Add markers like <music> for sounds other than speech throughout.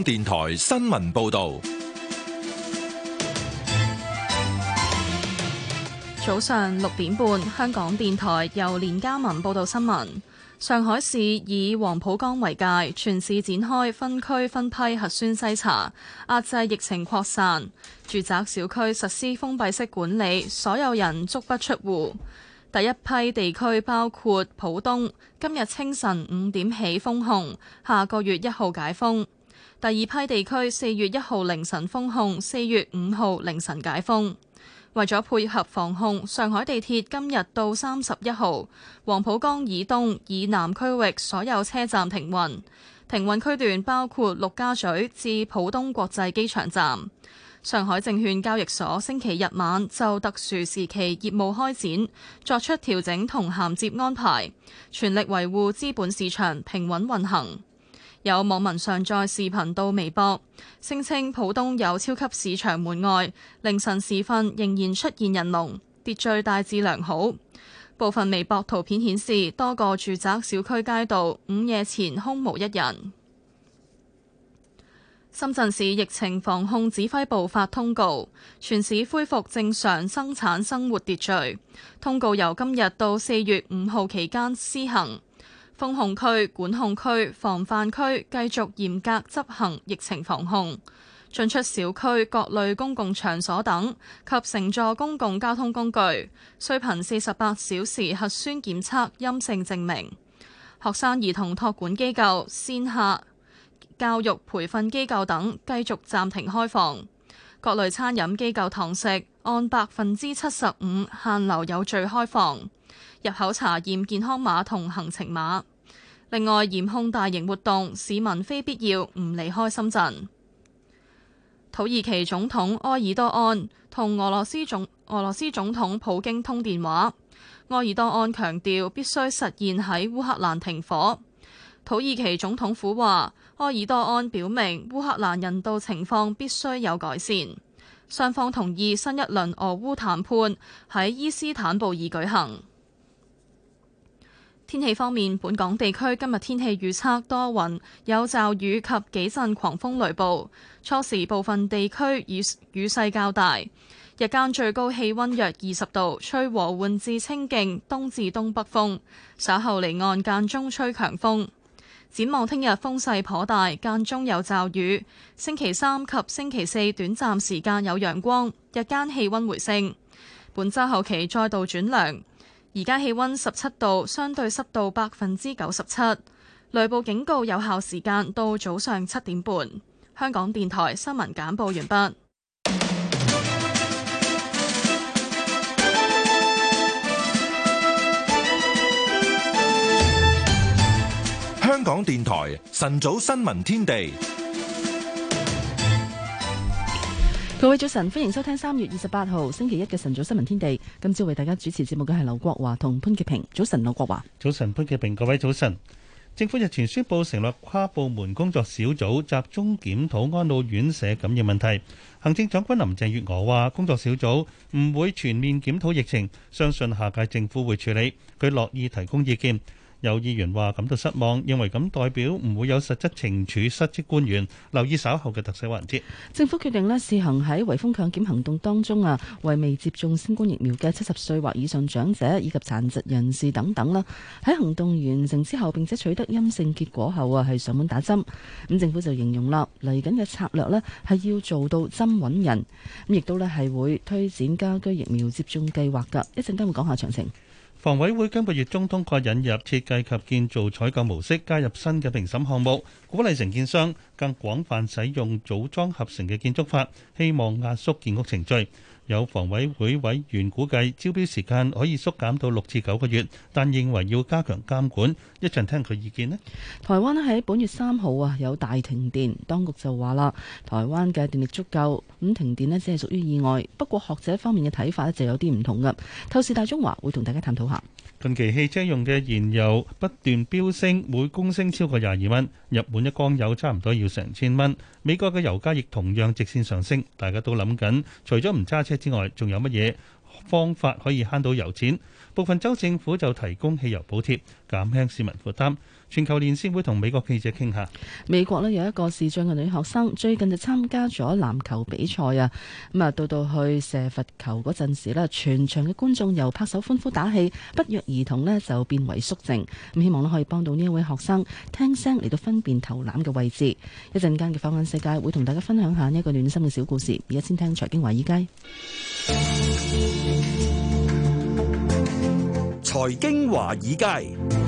香港電台新聞報道，早上六點半，香港電台由連家文報道新聞。上海市以黃浦江為界，全市展開分區分批核酸篩查，壓制疫情擴散。住宅小區實施封閉式管理，所有人足不出戶。第一批地區包括浦東，今日清晨五點起封控，下個月一號解封。第二批地區四月一號凌晨封控，四月五號凌晨解封。為咗配合防控，上海地鐵今日到三十一號，黃浦江以東以南區域所有車站停運，停運區段包括陸家嘴至浦東國際機場站。上海證券交易所星期日晚就特殊時期業務開展作出調整同銜接安排，全力維護資本市場平穩運行。有網民上載視頻到微博，聲稱浦東有超級市場門外凌晨時分仍然出現人龍，秩序大致良好。部分微博圖片顯示多個住宅小區街道午夜前空無一人。深圳市疫情防控指揮部發通告，全市恢復正常生產生活秩序。通告由今日到四月五號期間施行。封控區、管控區、防範區繼續嚴格執行疫情防控，進出小區、各類公共場所等及乘坐公共交通工具，需憑四十八小時核酸檢測陰性證明。學生兒童托管機構、線下教育培訓機構等繼續暫停開放，各類餐飲機構堂食按百分之七十五限流有序開放。入口查驗健康碼同行程碼，另外嚴控大型活動，市民非必要唔離開深圳。土耳其總統埃爾多安同俄羅斯總俄羅斯總統普京通電話，埃爾多安強調必須實現喺烏克蘭停火。土耳其總統府話，埃爾多安表明烏克蘭人道情況必須有改善，雙方同意新一輪俄烏談判喺伊斯坦布爾舉行。天氣方面，本港地區今日天氣預測多雲，有驟雨及幾陣狂風雷暴，初時部分地區雨雨勢較大。日間最高氣温約二十度，吹和緩至清勁東至東北風，稍後離岸間中吹強風。展望聽日風勢頗大，間中有驟雨。星期三及星期四短暫時間有陽光，日間氣溫回升。本周後期再度轉涼。而家氣溫十七度，相對濕度百分之九十七。雷暴警告有效時間到早上七點半。香港電台新聞簡報完畢。香港電台晨早新聞天地。各位早晨，歡迎收聽三月二十八號星期一嘅晨早新聞天地。今朝為大家主持節目嘅係劉國華同潘潔平。早晨，劉國華。早晨，潘潔平。各位早晨。政府日前宣布成立跨部門工作小組，集中檢討安老院舍感染問題。行政長官林鄭月娥話，工作小組唔會全面檢討疫情，相信下屆政府會處理，佢樂意提供意見。有議員話感到失望，認為咁代表唔會有實質懲處失職官員。留意稍後嘅特寫環節。政府決定呢試行喺圍封強檢行動當中啊，為未接種新冠疫苗嘅七十歲或以上長者以及殘疾人士等等啦。喺行動完成之後並且取得陰性結果後啊，係上門打針。咁政府就形容啦，嚟緊嘅策略呢係要做到針揾人，咁亦都呢係會推展家居疫苗接種計劃㗎。一陣間會講下詳情。房委會將本月中通過引入設計及建造採購模式，加入新嘅評審項目，鼓勵承建商更廣泛使用組裝合成嘅建築法，希望壓縮建屋程序。有房委會委員估計，招標時間可以縮減到六至九個月，但認為要加強監管。一陣聽佢意見呢。台灣喺本月三號啊有大停電，當局就話啦，台灣嘅電力足夠，咁停電咧只係屬於意外。不過學者方面嘅睇法咧就有啲唔同嘅。透視大中華會同大家探討下。近期汽車用嘅燃油不斷飆升，每公升超過廿二蚊，入滿一缸油差唔多要成千蚊。美國嘅油價亦同樣直線上升，大家都諗緊，除咗唔揸車之外，仲有乜嘢方法可以慳到油錢？部分州政府就提供汽油補貼，減輕市民負擔。全球連線會同美國記者傾下。美國咧，有一個視障嘅女學生，最近就參加咗籃球比賽啊。咁啊，到到去射罰球嗰陣時呢，全場嘅觀眾由拍手歡呼打氣，不約而同呢就變為肅靜。咁希望咧，可以幫到呢一位學生聽聲嚟到分辨投籃嘅位置。一陣間嘅放眼世界會同大家分享下呢一個暖心嘅小故事。而家先聽財經華爾街。財經華爾街。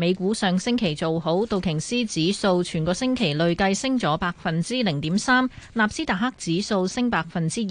美股上星期做好，道瓊斯指數，全個星期累計升咗百分之零點三，納斯達克指數升百分之二，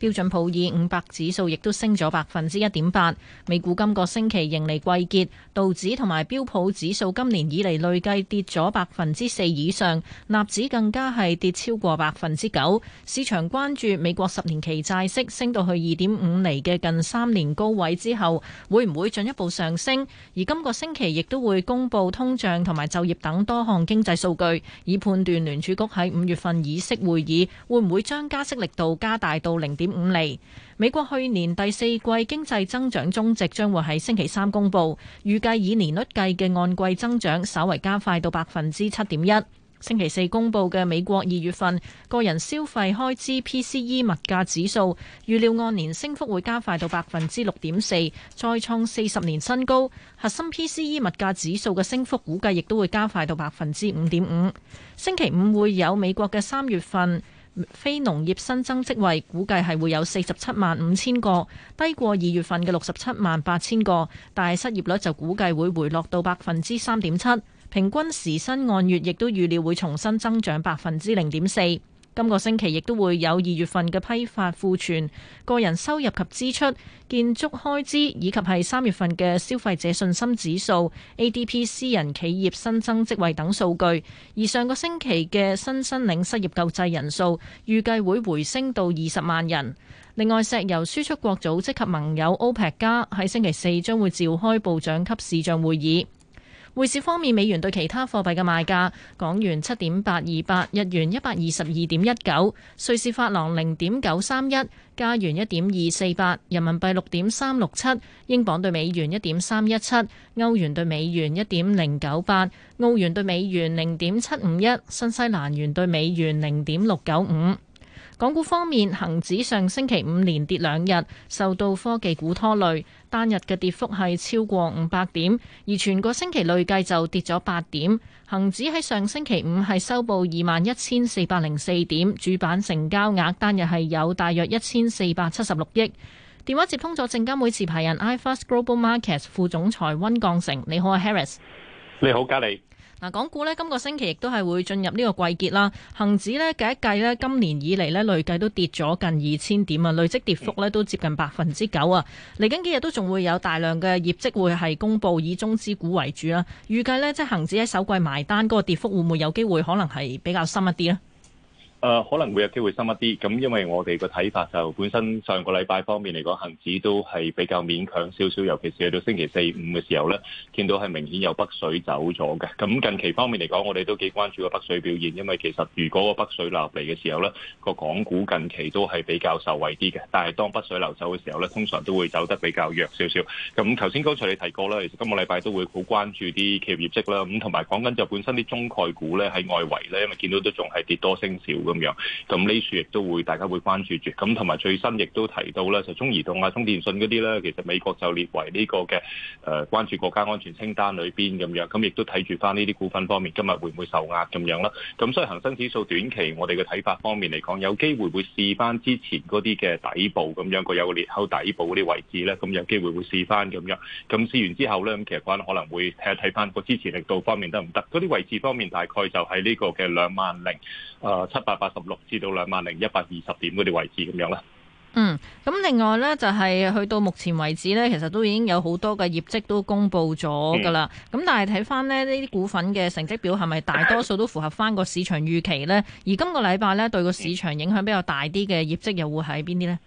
標準普爾五百指數亦都升咗百分之一點八。美股今個星期盈利季結，道指同埋標普指數今年以嚟累計跌咗百分之四以上，納指更加係跌超過百分之九。市場關注美國十年期債息升到去二點五厘嘅近三年高位之後，會唔會進一步上升？而今個星期亦都會。公布通脹同埋就業等多項經濟數據，以判斷聯儲局喺五月份議息會議會唔會將加息力度加大到零點五厘。美國去年第四季經濟增長中值將會喺星期三公佈，預計以年率計嘅按季增長稍為加快到百分之七點一。星期四公布嘅美國二月份個人消費開支 PCE 物價指數預料按年升幅會加快到百分之六點四，再創四十年新高。核心 PCE 物價指數嘅升幅估計亦都會加快到百分之五點五。星期五會有美國嘅三月份非農業新增職位估計係會有四十七萬五千個，低過二月份嘅六十七萬八千個，但係失業率就估計會回落到百分之三點七。平均時薪按月亦都預料會重新增長百分之零點四。今個星期亦都會有二月份嘅批發庫存、個人收入及支出、建築開支以及係三月份嘅消費者信心指數、ADP 私人企業新增職位等數據。而上個星期嘅新申領失業救濟人數預計會回升到二十萬人。另外，石油輸出國組織及盟友 OPEC 加喺星期四將會召開部長級視像會議。匯市方面，美元對其他貨幣嘅賣價：港元七點八二八，日元一百二十二點一九，瑞士法郎零點九三一，加元一點二四八，人民幣六點三六七，英鎊對美元一點三一七，歐元對美元一點零九八，澳元對美元零點七五一，新西蘭元對美元零點六九五。港股方面，恒指上星期五連跌兩日，受到科技股拖累，單日嘅跌幅係超過五百點，而全個星期累計就跌咗八點。恒指喺上星期五係收報二萬一千四百零四點，主板成交額單日係有大約一千四百七十六億。電話接通咗證監會持牌人 iFast Global Markets 副總裁温鋼成，你好啊，Harris。你好，加利。嗱，港股呢，今個星期亦都係會進入呢個季結啦，恒指呢，計一計咧，今年以嚟呢，累計都跌咗近二千點啊，累積跌幅呢都接近百分之九啊，嚟緊幾日都仲會有大量嘅業績會係公布，以中資股為主啦、啊。預計呢，即係恒指喺首季埋單嗰個跌幅會唔會有機會可能係比較深一啲呢？誒可能會有機會深一啲，咁因為我哋個睇法就本身上個禮拜方面嚟講，恆指都係比較勉強少少，尤其是去到星期四五嘅時候呢，見到係明顯有北水走咗嘅。咁近期方面嚟講，我哋都幾關注個北水表現，因為其實如果個北水落嚟嘅時候呢，個港股近期都係比較受惠啲嘅。但係當北水流走嘅時候呢，通常都會走得比較弱少少。咁頭先剛才你提過啦，其實今個禮拜都會好關注啲企業業績啦。咁同埋講緊就本身啲中概股呢，喺外圍呢，因為見到都仲係跌多升少。咁樣，咁呢處亦都會大家會關注住，咁同埋最新亦都提到啦，就中移動啊、中電信嗰啲咧，其實美國就列為呢個嘅誒關注國家安全清單裏邊咁樣，咁亦都睇住翻呢啲股份方面，今日會唔會受壓咁樣啦？咁所以恒生指數短期我哋嘅睇法方面嚟講，有機會會試翻之前嗰啲嘅底部咁樣，有個有個裂口底部嗰啲位置咧，咁有機會會試翻咁樣，咁試完之後咧，咁其實可能可能會睇一睇翻個支持力度方面得唔得？嗰啲位置方面大概就喺呢個嘅兩萬零誒七百。700, 八十六至到兩萬零一百二十點嗰啲位置咁樣啦。嗯，咁另外呢，就係、是、去到目前為止呢，其實都已經有好多嘅業績都公布咗噶啦。咁、嗯、但係睇翻呢呢啲股份嘅成績表係咪大多數都符合翻個市場預期呢？而今個禮拜呢，對個市場影響比較大啲嘅業績又會喺邊啲呢？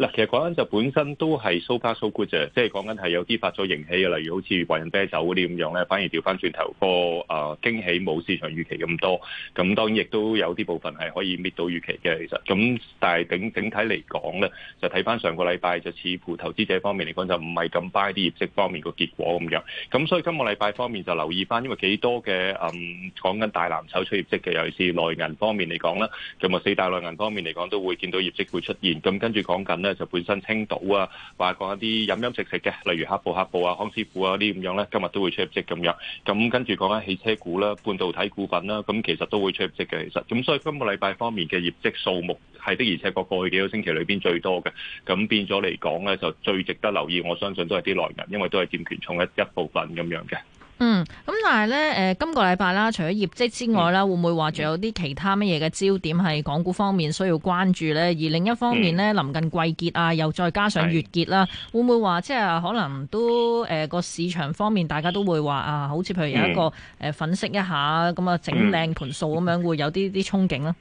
嗱，其實講緊就本身都係 so far so good 啫，即係講緊係有啲發咗盈喜嘅，例如好似華潤啤酒嗰啲咁樣咧，反而調翻轉頭個啊驚喜冇市場預期咁多，咁當然亦都有啲部分係可以搣到預期嘅，其實咁，但係整整體嚟講咧，就睇翻上個禮拜就似乎投資者方面嚟講就唔係咁 buy 啲業績方面個結果咁樣，咁所以今個禮拜方面就留意翻，因為幾多嘅嗯講緊大藍籌出業績嘅，尤其是內銀方面嚟講啦，咁啊四大內銀方面嚟講都會見到業績會出現，咁跟住講緊咧。就本身青島啊，或講一啲飲飲食食嘅，例如黑布黑布啊、康師傅啊啲咁樣咧，今日都會出業績咁樣。咁跟住講緊汽車股啦、啊、半導體股份啦、啊，咁其實都會出業績嘅。其實，咁所以今個禮拜方面嘅業績數目係的而且確過去幾個星期裏邊最多嘅。咁變咗嚟講咧，就最值得留意，我相信都係啲內銀，因為都係佔權重一一部分咁樣嘅。嗯，咁但係咧，誒、呃、今個禮拜啦，除咗業績之外啦，嗯、會唔會話仲有啲其他乜嘢嘅焦點係港股方面需要關注呢？而另一方面呢，嗯、臨近季結啊，又再加上月結啦、啊，嗯、會唔會話即係可能都誒個、呃、市場方面，大家都會話啊，好似譬如有一個誒、嗯呃、粉飾一下咁啊，整靚盤數咁樣，嗯、會有啲啲憧憬呢？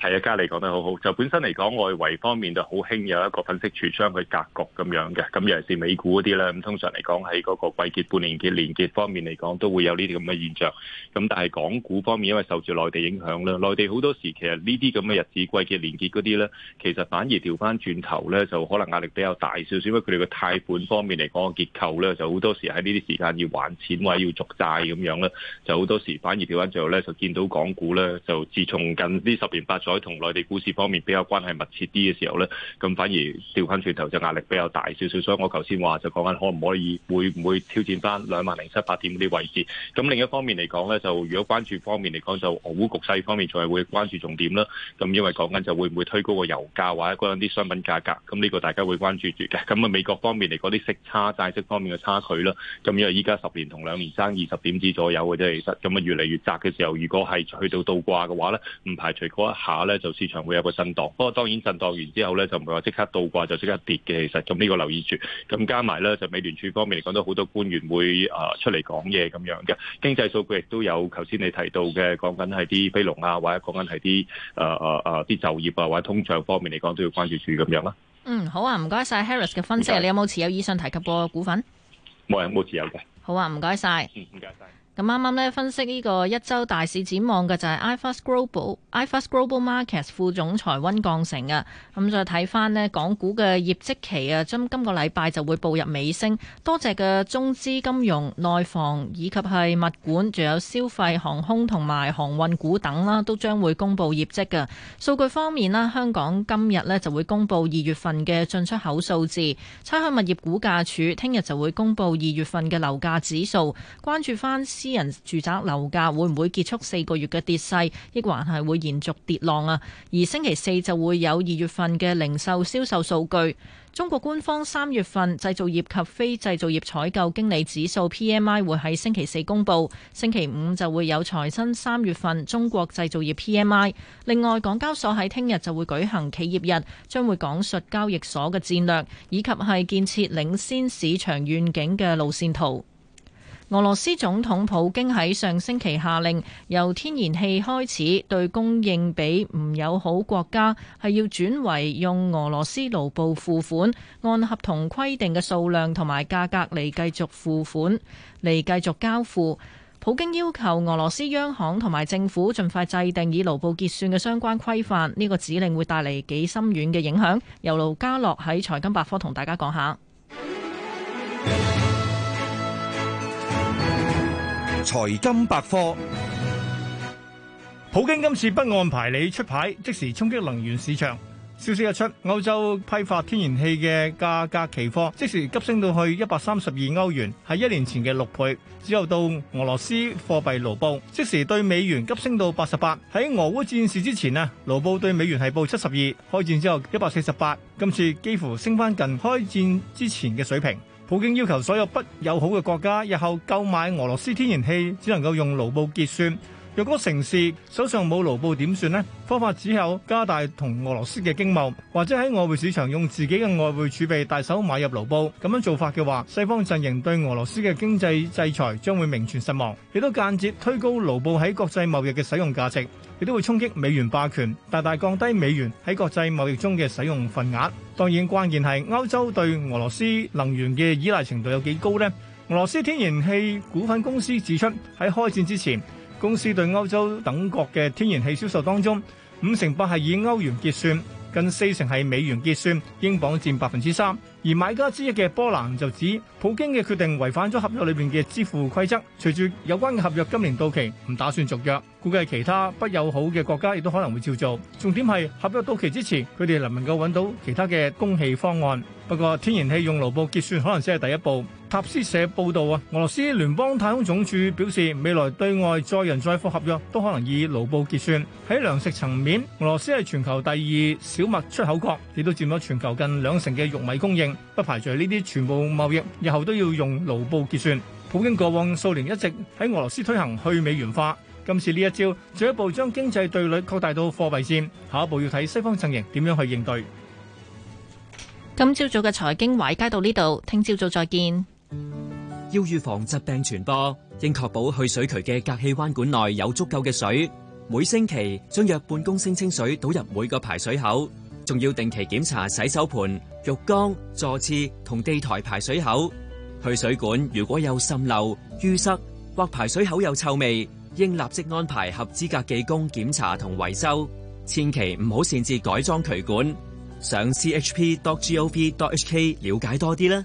係啊，嘉利講得好好。就本身嚟講，外圍方面就好興有一個粉飾櫥窗嘅格局咁樣嘅。咁尤其是美股嗰啲咧，咁通常嚟講喺嗰個季結、半年結、年結方面嚟講，都會有呢啲咁嘅現象。咁但係港股方面，因為受住內地影響啦，內地好多時其實呢啲咁嘅日子、季結、年結嗰啲咧，其實反而調翻轉頭咧，就可能壓力比較大少少，因為佢哋嘅貸款方面嚟講嘅結構咧，就好多時喺呢啲時間要還錢或者要續債咁樣咧，就好多時反而調翻最後咧，就見到港股咧，就自從近呢十年八。同內地股市方面比較關係密切啲嘅時候呢，咁反而掉翻轉頭就壓力比較大少少，所以我頭先話就講緊可唔可以會唔會挑戰翻兩萬零七八點啲位置。咁另一方面嚟講呢，就如果關注方面嚟講，就俄烏局勢方面仲係會關注重點啦。咁因為講緊就會唔會推高個油價或者嗰啲商品價格，咁呢個大家會關注住嘅。咁啊，美國方面嚟講啲息差、債息方面嘅差距啦，咁因為依家十年同兩年爭二十點子左右嘅啫，其實咁啊越嚟越窄嘅時候，如果係去到倒掛嘅話呢，唔排除嗰一下。就市場會有個震盪，不過當然震盪完之後咧就唔會話即刻倒掛就即刻跌嘅，其實咁呢個留意住。咁加埋咧就美聯儲方面嚟講都好多官員會啊出嚟講嘢咁樣嘅，經濟數據亦都有頭先你提到嘅，講緊係啲非農啊，或者講緊係啲啊啊啊啲就業啊，或者通脹方面嚟講都要關注住咁樣啦。嗯，好啊，唔該晒 Harris 嘅分析，唔該。你有冇持有以上提及過股份？冇，有冇持有嘅。好啊，唔該晒。嗯，唔該晒。咁啱啱咧分析，呢個一周大市展望嘅就係 iFAST Global iFAST Global Markets 副總裁温降成嘅。咁再睇翻咧，港股嘅業績期啊，今今個禮拜就會步入尾聲，多隻嘅中資金融、內房以及係物管，仲有消費、航空同埋航運股等啦，都將會公布業績嘅數據方面啦。香港今日咧就會公布二月份嘅進出口數字。差餉物業估價署聽日就會公布二月份嘅樓價指數，關注翻。私人住宅樓價會唔會結束四個月嘅跌勢，亦還係會延續跌浪啊？而星期四就會有二月份嘅零售銷售數據。中國官方三月份製造業及非製造業採購經理指數 P M I 會喺星期四公佈，星期五就會有財新三月份中國製造業 P M I。另外，港交所喺聽日就會舉行企業日，將會講述交易所嘅戰略，以及係建設領先市場願景嘅路線圖。俄羅斯總統普京喺上星期下令，由天然氣開始對供應俾唔友好國家，係要轉為用俄羅斯盧布付款，按合同規定嘅數量同埋價格嚟繼續付款，嚟繼續交付。普京要求俄羅斯央行同埋政府盡快制定以盧布結算嘅相關規範。呢、這個指令會帶嚟幾深遠嘅影響。由盧家樂喺財經百科同大家講下。 <music> 財金百科，普京今次不按牌理出牌，即時衝擊能源市場。消息一出，歐洲批發天然氣嘅價格期貨即時急升到去一百三十二歐元，係一年前嘅六倍。之後到俄羅斯貨幣盧布，即時對美元急升到八十八。喺俄烏戰事之前啊，盧布對美元係報七十二，開戰之後一百四十八，今次幾乎升翻近開戰之前嘅水平。普京要求所有不友好嘅國家，日後購買俄羅斯天然氣，只能夠用盧布結算。若果城市手上冇盧布點算呢？方法只有加大同俄羅斯嘅經貿，或者喺外匯市場用自己嘅外匯儲備大手買入盧布。咁樣做法嘅話，西方陣營對俄羅斯嘅經濟制裁將會名存實亡，亦都間接推高盧布喺國際貿易嘅使用價值，亦都會衝擊美元霸權，大大降低美元喺國際貿易中嘅使用份額。當然，關鍵係歐洲對俄羅斯能源嘅依賴程度有幾高呢？俄羅斯天然氣股份公司指出，喺開戰之前，公司對歐洲等國嘅天然氣銷售當中，五成八係以歐元結算，近四成係美元結算，英鎊佔百分之三。而買家之一嘅波蘭就指，普京嘅決定違反咗合約裏面嘅支付規則。隨住有關嘅合約今年到期，唔打算續約，估計其他不友好嘅國家亦都可能會照做。重點係合約到期之前，佢哋能唔能夠揾到其他嘅供氣方案？不過，天然氣用盧布結算可能先係第一步。塔斯社報道啊，俄羅斯聯邦太空總署表示，未來對外載人載貨合約都可能以盧布結算。喺糧食層面，俄羅斯係全球第二小麥出口國，亦都佔咗全球近兩成嘅玉米供應。不排除呢啲全部貿易日後都要用盧布結算。普京過往數年一直喺俄羅斯推行去美元化，今次呢一招進一步將經濟對壘擴大到貨幣戰，下一步要睇西方陣營點樣去應對。今朝早嘅財經圍街到呢度，聽朝早再見。要預防疾病傳播，應確保去水渠嘅隔氣彎管內有足夠嘅水。每星期將約半公升清水倒入每個排水口，仲要定期檢查洗手盆、浴缸、座廁同地台排水口。去水管如果有滲漏、淤塞或排水口有臭味，應立即安排合資格技工檢查同維修。千祈唔好擅自改裝渠管。上 chp.gov.hk 了解多啲啦。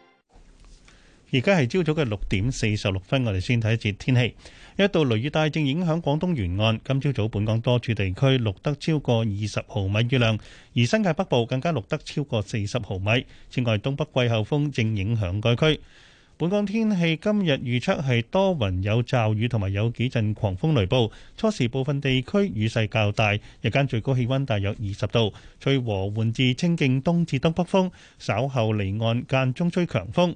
而家係朝早嘅六點四十六分，我哋先睇一節天氣。一度雷雨帶正影響廣東沿岸，今朝早本港多處地區錄得超過二十毫米雨量，而新界北部更加錄得超過四十毫米。此外，東北季候風正影響該區。本港天氣今日預測係多雲有驟雨，同埋有幾陣狂風雷暴。初時部分地區雨勢較大，日間最高氣温大約二十度，吹和緩至清勁東至東北風，稍後離岸間中吹強風。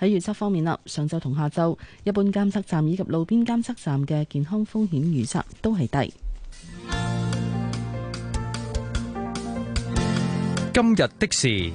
喺預測方面啦，上晝同下晝，一般監測站以及路邊監測站嘅健康風險預測都係低。今日的事，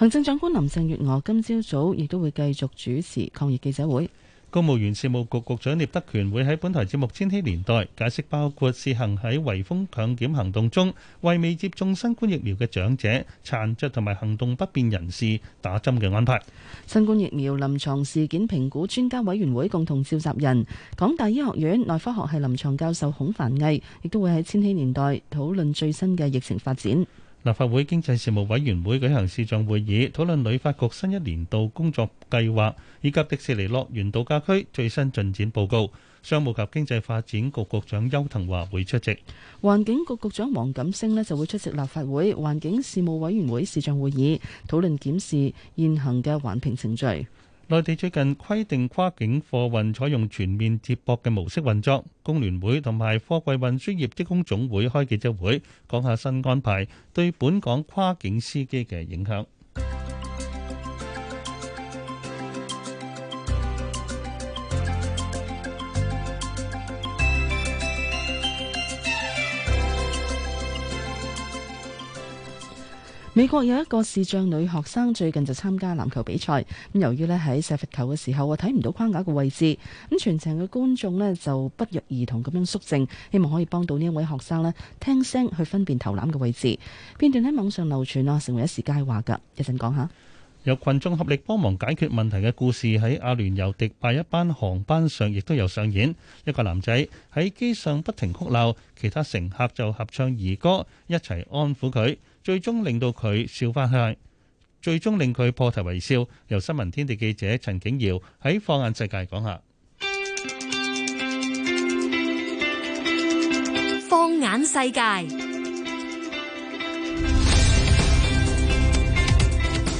行政長官林鄭月娥今朝早早亦都會繼續主持抗疫記者會。公務員事務局局長聶德權會喺本台節目《千禧年代》解釋，包括試行喺圍封強檢行動中，為未接種新冠疫苗嘅長者、殘疾同埋行動不便人士打針嘅安排。新冠疫苗臨床事件評估專家委員會共同召集人、港大醫學院內科學系臨床教授孔繁毅，亦都會喺《千禧年代》討論最新嘅疫情發展。立法會經濟事務委員會舉行視像會議，討論旅發局新一年度工作計劃以及迪士尼樂園度假區最新進展報告。商務及經濟發展局局長邱騰華會出席。環境局局長黃錦星咧就會出席立法會環境事務委員會視像會議，討論檢視現行嘅環評程序。內地最近規定跨境貨運採用全面接駁嘅模式運作，工聯會同埋貨櫃運輸業職工總會開記者會，講下新安排對本港跨境司機嘅影響。美國有一個視障女學生最近就參加籃球比賽，咁由於咧喺射罰球嘅時候啊睇唔到框架嘅位置，咁全程嘅觀眾咧就不約而同咁樣肅靜，希望可以幫到呢一位學生咧聽聲去分辨投籃嘅位置。片段喺網上流傳啊，成為一時佳話噶。一陣講下，有群眾合力幫忙解決問題嘅故事喺阿聯酋迪拜一班航班上亦都有上演。一個男仔喺機上不停哭鬧，其他乘客就合唱兒歌，一齊安撫佢。最終令到佢笑翻開，最終令佢破涕為笑。由新聞天地記者陳景堯喺《放眼世界》講下《放眼世界》。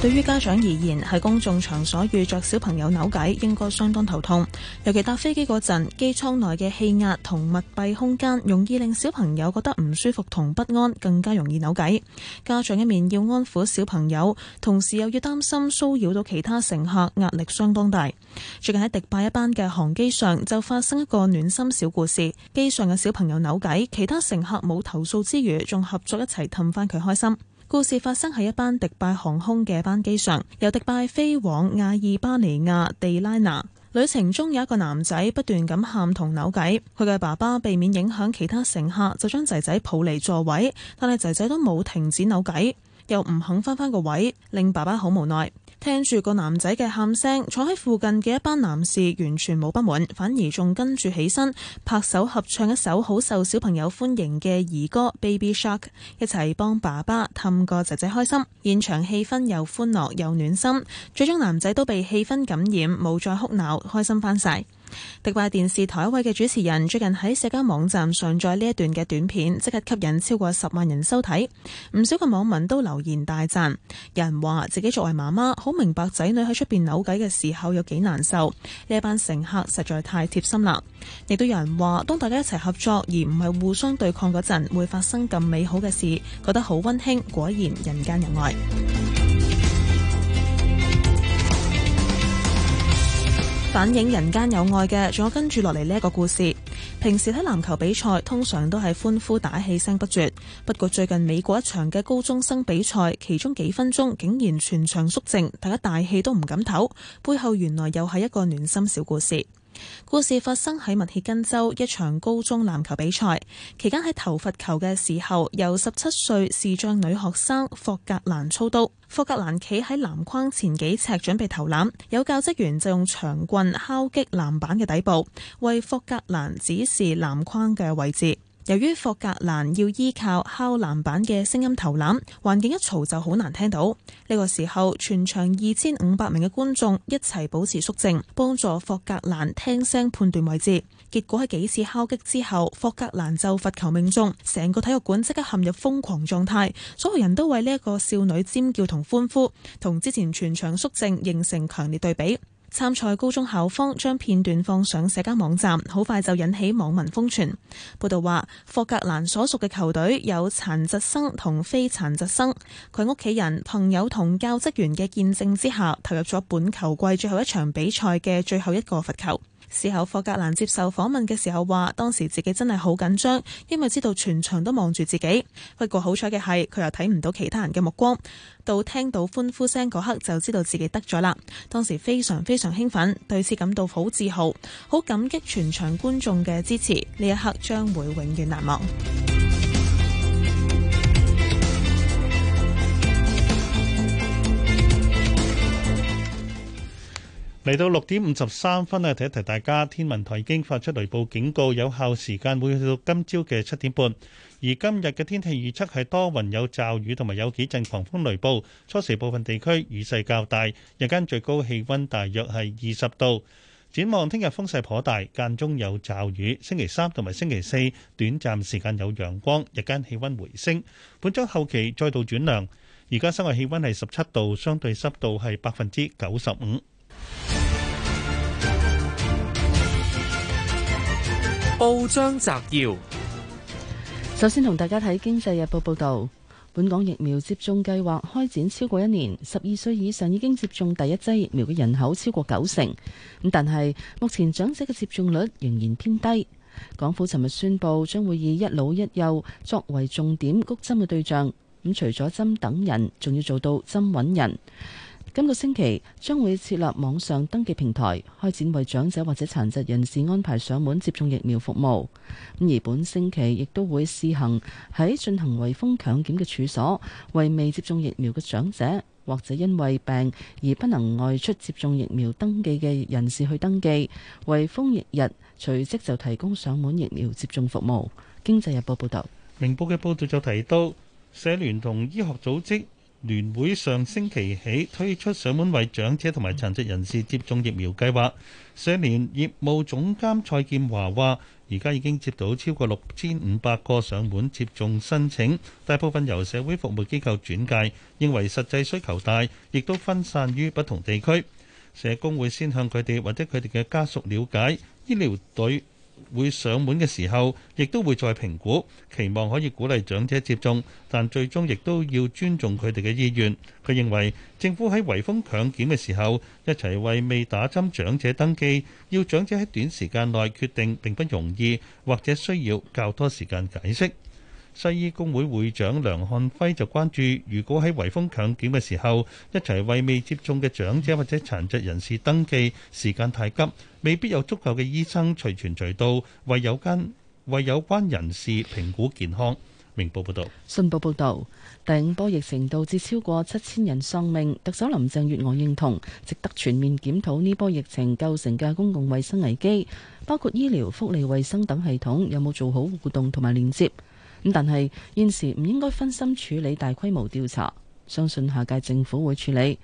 對於家長而言，喺公眾場所遇着小朋友扭計應該相當頭痛。尤其搭飛機嗰陣，機艙內嘅氣壓同密閉空間，容易令小朋友覺得唔舒服同不安，更加容易扭計。家長一面要安撫小朋友，同時又要擔心騷擾到其他乘客，壓力相當大。最近喺迪拜一班嘅航機上，就發生一個暖心小故事。機上嘅小朋友扭計，其他乘客冇投訴之餘，仲合作一齊氹返佢開心。故事發生喺一班迪拜航空嘅班機上，由迪拜飛往阿爾巴尼亞地拉那。旅程中有一個男仔不斷咁喊同扭計，佢嘅爸爸避免影響其他乘客，就將仔仔抱離座位，但係仔仔都冇停止扭計，又唔肯返返個位，令爸爸好無奈。聽住個男仔嘅喊聲，坐喺附近嘅一班男士完全冇不滿，反而仲跟住起身，拍手合唱一首好受小朋友歡迎嘅兒歌《Baby Shark》，一齊幫爸爸氹個仔仔開心。現場氣氛，又歡樂又暖心，最終男仔都被氣氛感染，冇再哭鬧，開心翻晒。迪拜電視台一位嘅主持人最近喺社交網站上載呢一段嘅短片，即刻吸引超過十萬人收睇。唔少嘅網民都留言大贊，有人話自己作為媽媽，好明白仔女喺出邊扭計嘅時候有幾難受。呢班乘客實在太貼心啦，亦都有人話當大家一齊合作而唔係互相對抗嗰陣，會發生咁美好嘅事，覺得好溫馨。果然人間有愛。反映人間有愛嘅，仲有跟住落嚟呢一個故事。平時睇籃球比賽，通常都係歡呼打氣聲不絕。不過最近美國一場嘅高中生比賽，其中幾分鐘竟然全場肅靜，大家大氣都唔敢唞。背後原來又係一個暖心小故事。故事發生喺密歇根州一場高中籃球比賽期間，喺投罰球嘅時候，由十七歲視障女學生霍格蘭操刀。霍格蘭企喺籃框前幾尺，準備投籃，有教職員就用長棍敲擊籃板嘅底部，為霍格蘭指示籃框嘅位置。由於霍格蘭要依靠敲籃板嘅聲音投籃，環境一嘈就好難聽到。呢個時候，全場二千五百名嘅觀眾一齊保持肅靜，幫助霍格蘭聽聲判斷位置。結果喺幾次敲擊之後，霍格蘭就罰球命中，成個體育館即刻陷入瘋狂狀態，所有人都為呢一個少女尖叫同歡呼，同之前全場肅靜形成強烈對比。參賽高中校方將片段放上社交網站，好快就引起網民瘋傳。報道話，霍格蘭所屬嘅球隊有殘疾生同非殘疾生。佢屋企人、朋友同教職員嘅見證之下，投入咗本球季最後一場比賽嘅最後一個罰球。事後霍格蘭接受訪問嘅時候話，當時自己真係好緊張，因為知道全場都望住自己。不過好彩嘅係，佢又睇唔到其他人嘅目光，到聽到歡呼聲嗰刻就知道自己得咗啦。當時非常非常興奮，對此感到好自豪，好感激全場觀眾嘅支持。呢一刻將會永遠難忘。嚟到六點五十三分咧，提一提大家，天文台已經發出雷暴警告，有效時間會去到今朝嘅七點半。而今日嘅天氣預測係多雲有驟雨，同埋有幾陣狂風雷暴，初時部分地區雨勢較大，日間最高氣溫大約係二十度。展望聽日風勢頗大，間中有驟雨。星期三同埋星期四短暫時間有陽光，日間氣溫回升。本週後期再度轉涼。而家室外氣溫係十七度，相對濕度係百分之九十五。報章摘要：首先同大家睇《經濟日報》報道，本港疫苗接種計劃開展超過一年，十二歲以上已經接種第一劑疫苗嘅人口超過九成。咁但係目前長者嘅接種率仍然偏低。港府尋日宣布，將會以一老一幼作為重點，谷針嘅對象。咁除咗針等人，仲要做到針揾人。今個星期將會設立網上登記平台，開展為長者或者殘疾人士安排上門接種疫苗服務。而本星期亦都會試行喺進行圍封強檢嘅處所，為未接種疫苗嘅長者或者因為病而不能外出接種疫苗登記嘅人士去登記圍封翌日，隨即就提供上門疫苗接種服務。經濟日報報導，《明報》嘅報導就提到，社聯同醫學組織聯會上星期起推出上門為長者同埋殘疾人士接種疫苗計劃。社聯業務總監蔡建華話，而家已經接到超過六千五百個上門接種申請，大部分由社會服務機構轉介，認為實際需求大，亦都分散於不同地區。社工會先向佢哋或者佢哋嘅家屬了解醫療隊會上門嘅時候，亦都會再評估，期望可以鼓勵長者接種，但最終亦都要尊重佢哋嘅意願。佢認為政府喺圍封強檢嘅時候，一齊為未打針長者登記，要長者喺短時間內決定並不容易，或者需要較多時間解釋。西醫工會會長梁漢輝就關注，如果喺圍封強檢嘅時候一齊為未接種嘅長者或者殘疾人士登記，時間太急，未必有足夠嘅醫生隨傳隨，隨到，為有關為有關人士評估健康。明報報導，信報報道：「第五波疫情導致超過七千人喪命。特首林鄭月娥認同，值得全面檢討呢波疫情構成嘅公共衛生危機，包括醫療、福利、衛生等系統有冇做好互動同埋連接。咁但係現時唔應該分心處理大規模調查，相信下屆政府會處理。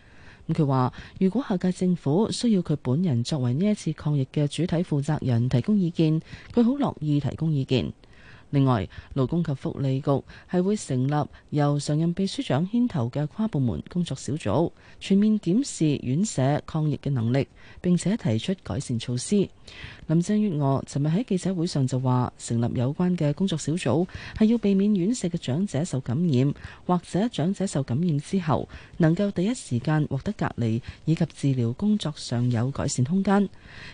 咁佢話，如果下屆政府需要佢本人作為呢一次抗疫嘅主體負責人提供意見，佢好樂意提供意見。另外，勞工及福利局係會成立由常任秘書長牽頭嘅跨部門工作小組，全面檢視院舍抗疫嘅能力，並且提出改善措施。林鄭月娥尋日喺記者會上就話，成立有關嘅工作小組係要避免院舍嘅長者受感染，或者長者受感染之後能夠第一時間獲得隔離，以及治療工作上有改善空間。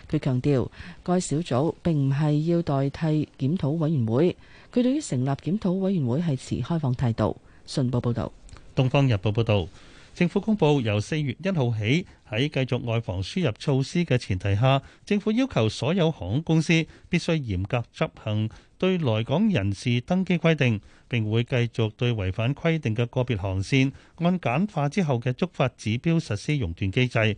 佢強調，該小組並唔係要代替檢討委員會，佢對於成立檢討委員會係持開放態度。信報報道，東方日報報道，政府公佈由四月一號起，喺繼續外防輸入措施嘅前提下，政府要求所有航空公司必須嚴格執行對來港人士登機規定，並會繼續對違反規定嘅個別航線按簡化之後嘅觸發指標實施熔斷機制。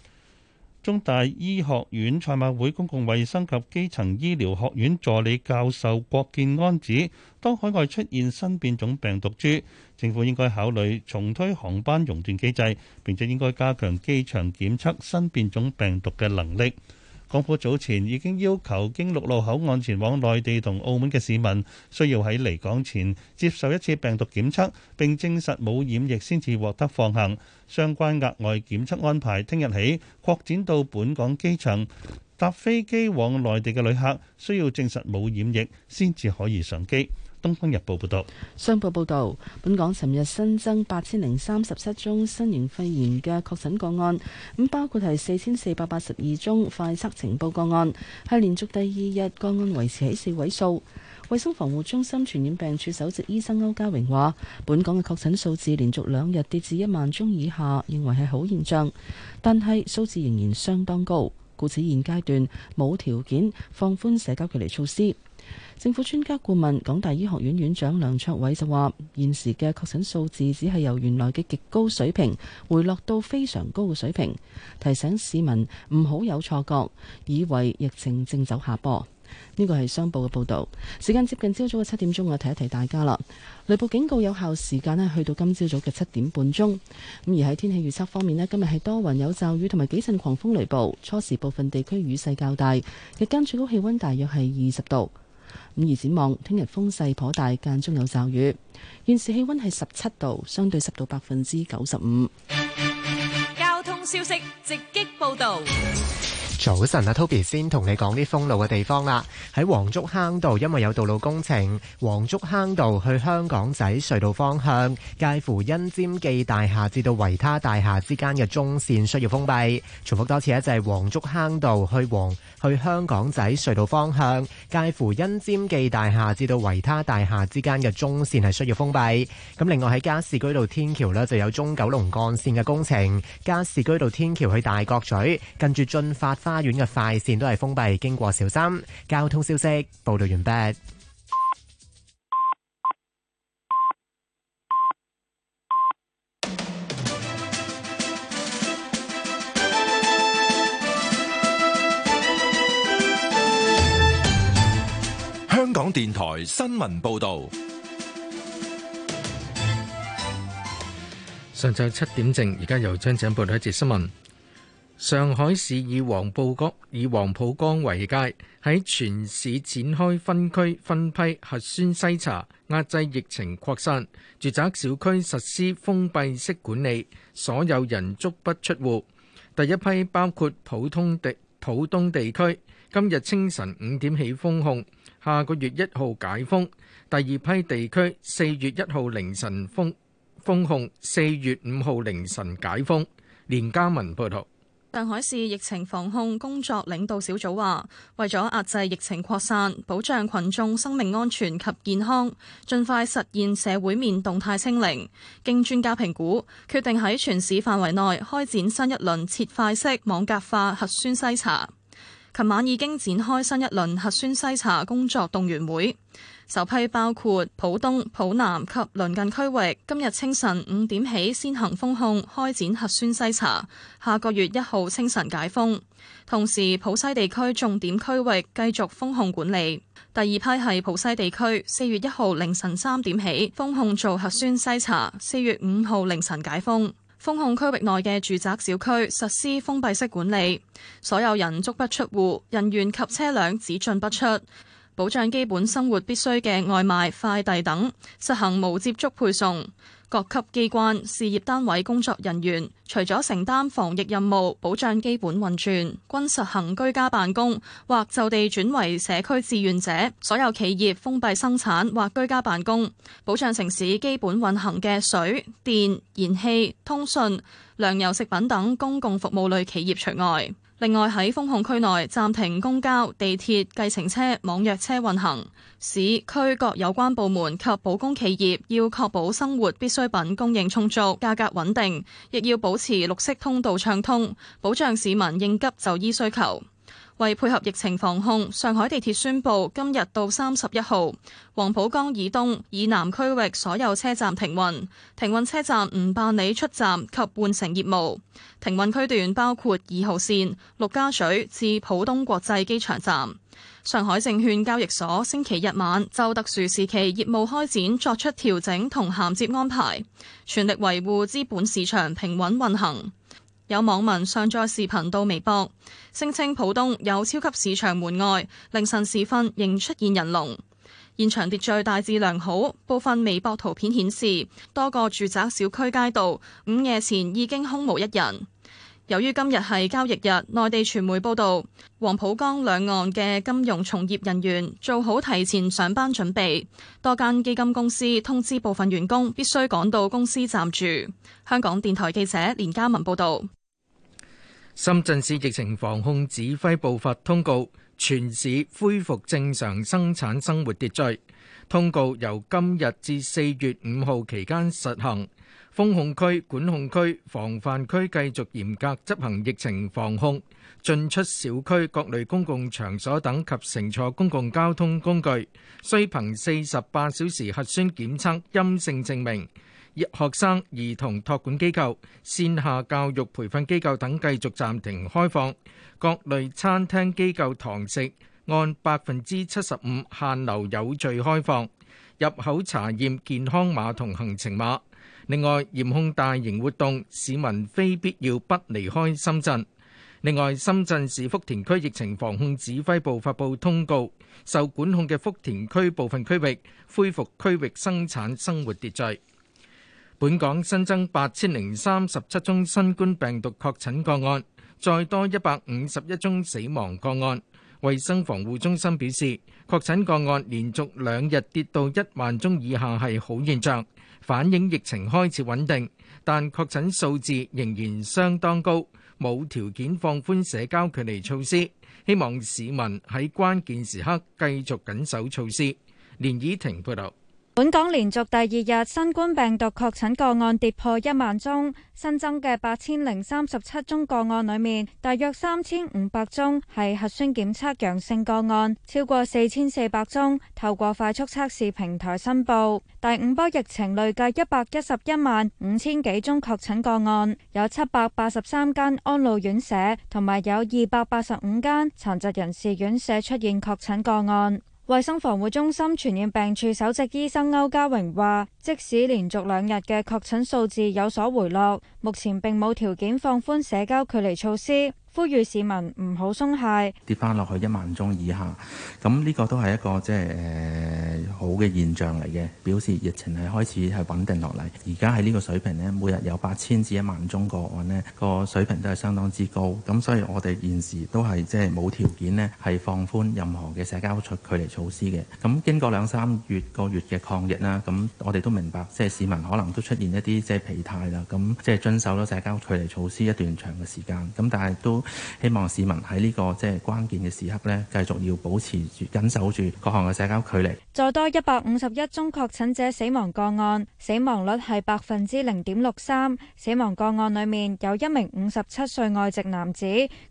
中大醫學院賽馬會公共衛生及基層醫療學院助理教授郭建安指，當海外出現新變種病毒株，政府應該考慮重推航班熔斷機制，並且應該加強機場檢測新變種病毒嘅能力。港府早前已經要求經陸路口岸前往內地同澳門嘅市民，需要喺離港前接受一次病毒檢測，並證實冇染疫先至獲得放行。相關額外檢測安排聽日起擴展到本港機場，搭飛機往內地嘅旅客需要證實冇染疫先至可以上機。《東方日報》報導，商報報導，本港尋日新增八千零三十七宗新型肺炎嘅確診個案，咁包括係四千四百八十二宗快測呈報個案，係連續第二日個案維持喺四位數。衛生防護中心傳染病處首席醫生歐家榮話，本港嘅確診數字連續兩日跌至一萬宗以下，認為係好現象，但係數字仍然相當高，故此現階段冇條件放寬社交距離措施。政府專家顧問、港大醫學院院長梁卓偉就話：現時嘅確診數字只係由原來嘅極高水平回落到非常高嘅水平，提醒市民唔好有錯覺，以為疫情正走下坡。呢個係商報嘅報導。時間接近朝早嘅七點鐘，我提一提大家啦。雷暴警告有效時間咧，去到今朝早嘅七點半鐘。咁而喺天氣預測方面咧，今日係多雲有驟雨同埋幾陣狂風雷暴，初時部分地區雨勢較大，日間最高氣温大約係二十度。五而展望聽日風勢頗大，間中有驟雨。現時氣溫係十七度，相對濕度百分之九十五。交通消息直擊報道。早晨，阿 Toby 先同你講啲封路嘅地方啦。喺黃竹坑道，因為有道路工程，黃竹坑道去香港仔隧道方向，介乎恩尖記大廈至到維他大廈之間嘅中線需要封閉。重複多次，一就係、是、黃竹坑道去黃。去香港仔隧道方向，介乎恩尖記大廈至到維他大廈之間嘅中線係需要封閉。咁另外喺加士居道天橋呢就有中九龍幹線嘅工程，加士居道天橋去大角咀，近住駿發花園嘅快線都係封閉，經過小心。交通消息報道完畢。香港電台新聞報道，上晝七點正，而家由張展報道一節新聞。上海市以黃浦江、以黃浦江為界，喺全市展開分區分批核酸篩查，壓制疫情擴散。住宅小區實施封閉式管理，所有人足不出戶。第一批包括浦東地、浦東地區，今日清晨五點起封控。下個月一號解封，第二批地區四月一號凌晨封封控，四月五號凌晨解封。連家文報道。上海市疫情防控工作領導小組話：為咗壓制疫情擴散，保障群眾生命安全及健康，盡快實現社會面動態清零，經專家評估，決定喺全市範圍內開展新一輪切快式網格化核酸篩查。琴晚已經展開新一輪核酸篩查工作動員會，首批包括浦東、浦南及鄰近區域，今日清晨五點起先行封控，開展核酸篩查，下個月一號清晨解封。同時，浦西地區重點區域繼續封控管理。第二批係浦西地區，四月一號凌晨三點起封控做核酸篩查，四月五號凌晨解封。封控區域內嘅住宅小區實施封閉式管理，所有人足不出戶，人員及車輛只進不出，保障基本生活必需嘅外賣、快遞等，實行無接觸配送。各級機關、事業單位工作人員，除咗承擔防疫任務、保障基本運轉，均實行居家辦公或就地轉為社區志願者。所有企業封閉生產或居家辦公，保障城市基本運行嘅水、電、燃氣、通訊、糧油食品等公共服務類企業除外。另外喺封控區內暫停公交、地鐵、計程車、網約車運行。市區各有關部門及保供企業要確保生活必需品供應充足、價格穩定，亦要保持綠色通道暢通，保障市民應急就醫需求。為配合疫情防控，上海地鐵宣布今日到三十一號，黃浦江以東以南區域所有車站停運，停運車站唔辦理出站及換乘業務。停運區段包括二號線陸家嘴至浦東國際機場站。上海證券交易所星期日晚就特殊時期業務開展作出調整同銜接安排，全力維護資本市場平穩運行。有網民上載視頻到微博，聲稱浦東有超級市場門外凌晨時分仍出現人龍。現場秩序大致良好，部分微博圖片顯示多個住宅小區街道午夜前已經空無一人。由於今日係交易日，內地傳媒報道，黃浦江兩岸嘅金融從業人員做好提前上班準備，多間基金公司通知部分員工必須趕到公司暫住。香港電台記者連嘉文報道。深圳市疫情防控指揮部發通告，全市恢復正常生產生活秩序。通告由今日至四月五號期間實行，封控區、管控區、防範區繼續嚴格執行疫情防控。進出小區、各類公共場所等及乘坐公共交通工具，需憑四十八小時核酸檢測陰性證明。學生、兒童托管機構、線下教育培訓機構等繼續暫停開放，各類餐廳、機構堂食按百分之七十五限流有序開放，入口查驗健康碼同行程碼。另外，嚴控大型活動，市民非必要不離開深圳。另外，深圳市福田區疫情防控指揮部發佈通告，受管控嘅福田區部分區域恢復區域生產生活秩序。本港新增八千零三十七宗新冠病毒確診個案，再多一百五十一宗死亡個案。衛生防護中心表示，確診個案連續兩日跌到一萬宗以下係好現象，反映疫情開始穩定，但確診數字仍然相當高，冇條件放寬社交距離措施。希望市民喺關鍵時刻繼續緊守措施。連怡婷報道。本港連續第二日新冠病毒確診個案跌破一萬宗，新增嘅八千零三十七宗個案裏面，大約三千五百宗係核酸檢測陽性個案，超過四千四百宗透過快速測試平台申報。第五波疫情累計一百一十一萬五千幾宗確診個案，有七百八十三間安老院舍同埋有二百八十五間殘疾人士院舍出現確診個案。衛生防護中心傳染病處首席醫生歐家榮話，即使連續兩日嘅確診數字有所回落，目前並冇條件放寬社交距離措施。呼籲市民唔好鬆懈，跌翻落去一萬宗以下，咁呢個都係一個即係誒好嘅現象嚟嘅，表示疫情係開始係穩定落嚟。而家喺呢個水平呢，每日有八千至一萬宗個案呢，個水平都係相當之高。咁所以我哋現時都係即係冇條件呢係放寬任何嘅社交距離措施嘅。咁經過兩三月個月嘅抗疫啦，咁我哋都明白，即係市民可能都出現一啲即係疲態啦，咁即係遵守咗社交距離措施一段長嘅時間，咁但係都。希望市民喺呢個即係關鍵嘅時刻呢，繼續要保持住、堅守住各項嘅社交距離。再多一百五十一宗確診者死亡個案，死亡率係百分之零點六三。死亡個案裏面有一名五十七歲外籍男子，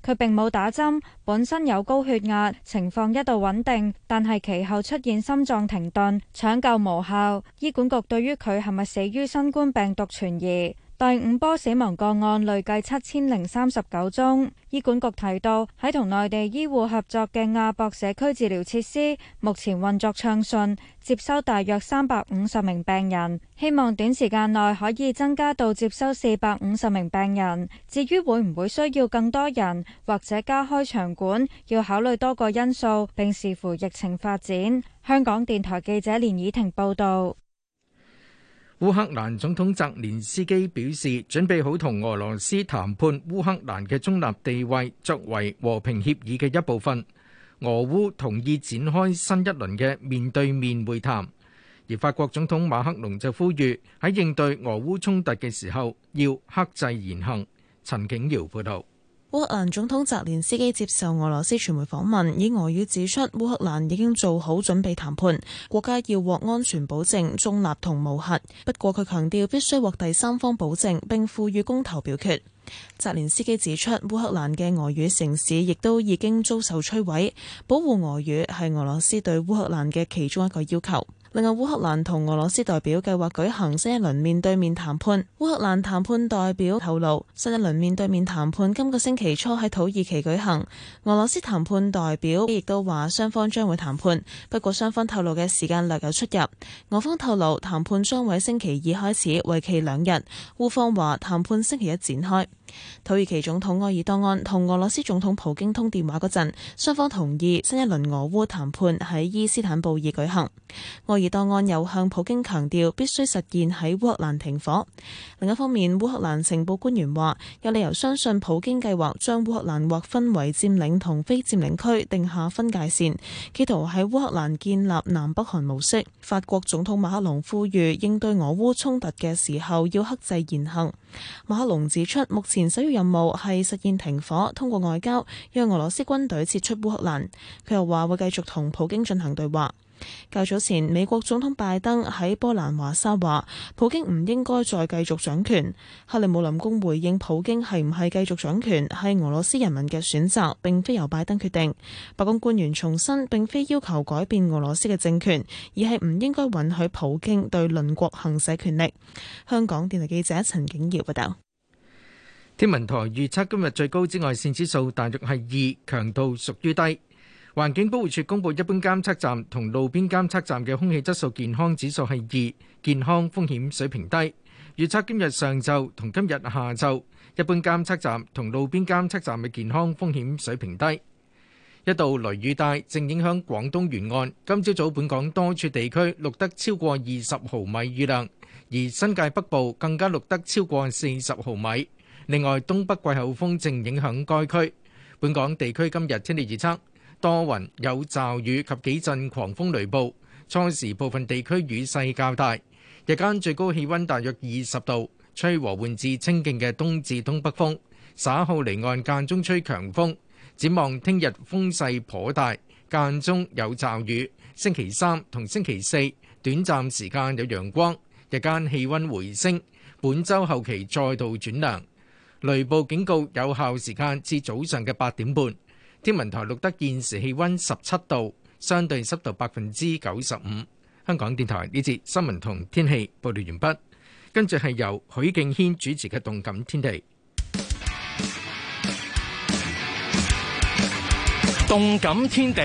佢並冇打針，本身有高血壓，情況一度穩定，但係其後出現心臟停頓，搶救無效。醫管局對於佢係咪死於新冠病毒存疑。第五波死亡個案累計七千零三十九宗。醫管局提到，喺同內地醫護合作嘅亞博社區治療設施，目前運作暢順，接收大約三百五十名病人，希望短時間內可以增加到接收四百五十名病人。至於會唔會需要更多人或者加開場館，要考慮多個因素，並視乎疫情發展。香港電台記者連倚婷報道。烏克蘭總統澤連斯基表示，準備好同俄羅斯談判烏克蘭嘅中立地位作為和平協議嘅一部分。俄烏同意展開新一輪嘅面對面會談，而法國總統馬克龍就呼籲喺應對俄烏衝突嘅時候要克制言行。陳景瑤報道。烏克蘭總統澤連斯基接受俄羅斯傳媒訪問，以俄語指出烏克蘭已經做好準備談判，國家要獲安全保證、中立同無核。不過佢強調必須獲第三方保證，並賦予公投表決。澤連斯基指出，烏克蘭嘅俄語城市亦都已經遭受摧毀，保護俄語係俄羅斯對烏克蘭嘅其中一個要求。另外，烏克蘭同俄羅斯代表計劃舉行新一輪面對面談判。烏克蘭談判代表透露，新一輪面對面談判今個星期初喺土耳其舉行。俄羅斯談判代表亦都話雙方將會談判，不過雙方透露嘅時間略有出入。俄方透露談判將會星期二開始，為期兩日。烏方話談判星期一展開。土耳其總統埃爾多安同俄羅斯總統普京通電話嗰陣，雙方同意新一輪俄烏談判喺伊斯坦布爾舉行。埃爾多安又向普京強調，必須實現喺烏克蘭停火。另一方面，烏克蘭情報官員話有理由相信普京計劃將烏克蘭劃分為佔領同非佔領區，定下分界綫，企圖喺烏克蘭建立南北韓模式。法國總統馬克龍呼籲應對俄烏衝突嘅時候要克制言行。馬克龍指出，目前首要任務係實現停火，通過外交讓俄羅斯軍隊撤出烏克蘭。佢又話會繼續同普京進行對話。較早前，美國總統拜登喺波蘭華沙話，普京唔應該再繼續掌權。克里姆林宮回應，普京係唔係繼續掌權，係俄羅斯人民嘅選擇，並非由拜登決定。白宮官員重申，並非要求改變俄羅斯嘅政權，而係唔應該允許普京對鄰國行使權力。香港電台記者陳景堯報道。天文台預測今日最高紫外線指數大約係二，強度屬於低。環境保護署公布，一般監測站同路邊監測站嘅空氣質素健康指數係二，健康風險水平低。預測今日上晝同今日下晝，一般監測站同路邊監測站嘅健康風險水平低。一度雷雨帶正影響廣東沿岸，今朝早本港多處地區錄得超過二十毫米雨量，而新界北部更加錄得超過四十毫米。另外，東北季候風正影響該區。本港地區今日天氣預測。多雲，有驟雨及幾陣狂風雷暴，初時部分地區雨勢較大。日間最高氣溫大約二十度，吹和緩至清勁嘅東至東北風。稍後離岸間中吹強風。展望聽日風勢頗大，間中有驟雨。星期三同星期四短暫時間有陽光，日間氣溫回升。本周後期再度轉涼。雷暴警告有效時間至早上嘅八點半。天文台錄得現時氣溫十七度，相對濕度百分之九十五。香港電台呢節新聞同天氣報道，完畢，跟住係由許敬軒主持嘅《動感天地》。《動感天地》，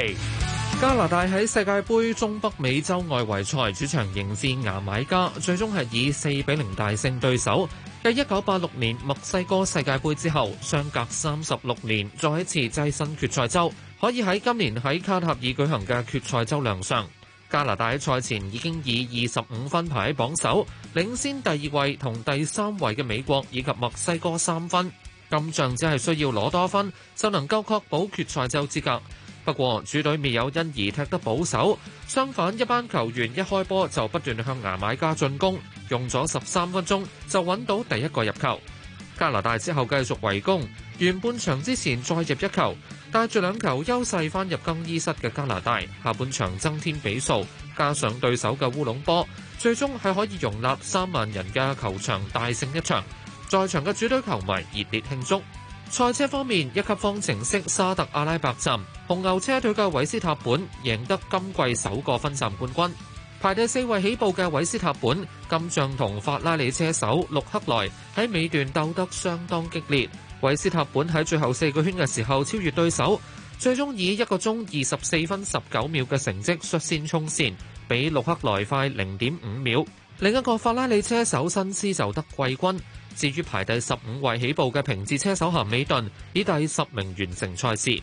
加拿大喺世界杯中北美洲外圍賽主場迎戰牙買加，最終係以四比零大勝對手。繼一九八六年墨西哥世界杯之後，相隔三十六年，再一次躋身決賽周，可以喺今年喺卡塔爾舉行嘅決賽周亮相。加拿大喺賽前已經以二十五分排喺榜首，領先第二位同第三位嘅美國以及墨西哥三分。咁今仗只係需要攞多分就能夠確保決賽周資格。不過主隊未有因而踢得保守，相反一班球員一開波就不斷向牙買加進攻。用咗十三分鐘就揾到第一個入球，加拿大之後繼續圍攻，完半場之前再入一球，帶住兩球優勢翻入更衣室嘅加拿大，下半場增添比數，加上對手嘅烏龍波，最終係可以容納三萬人嘅球場大勝一場，在場嘅主隊球迷熱烈慶祝。賽車方面，一級方程式沙特阿拉伯站，紅牛車隊嘅維斯塔本贏得今季首個分站冠軍。排第四位起步嘅韋斯塔本、金像同法拉利車手陸克萊喺尾段鬥得相當激烈，韋斯塔本喺最後四個圈嘅時候超越對手，最終以一個鐘二十四分十九秒嘅成績率先衝線，比陸克萊快零點五秒。另一個法拉利車手辛斯就得季軍，至於排第十五位起步嘅平治車手咸美頓以第十名完成賽事。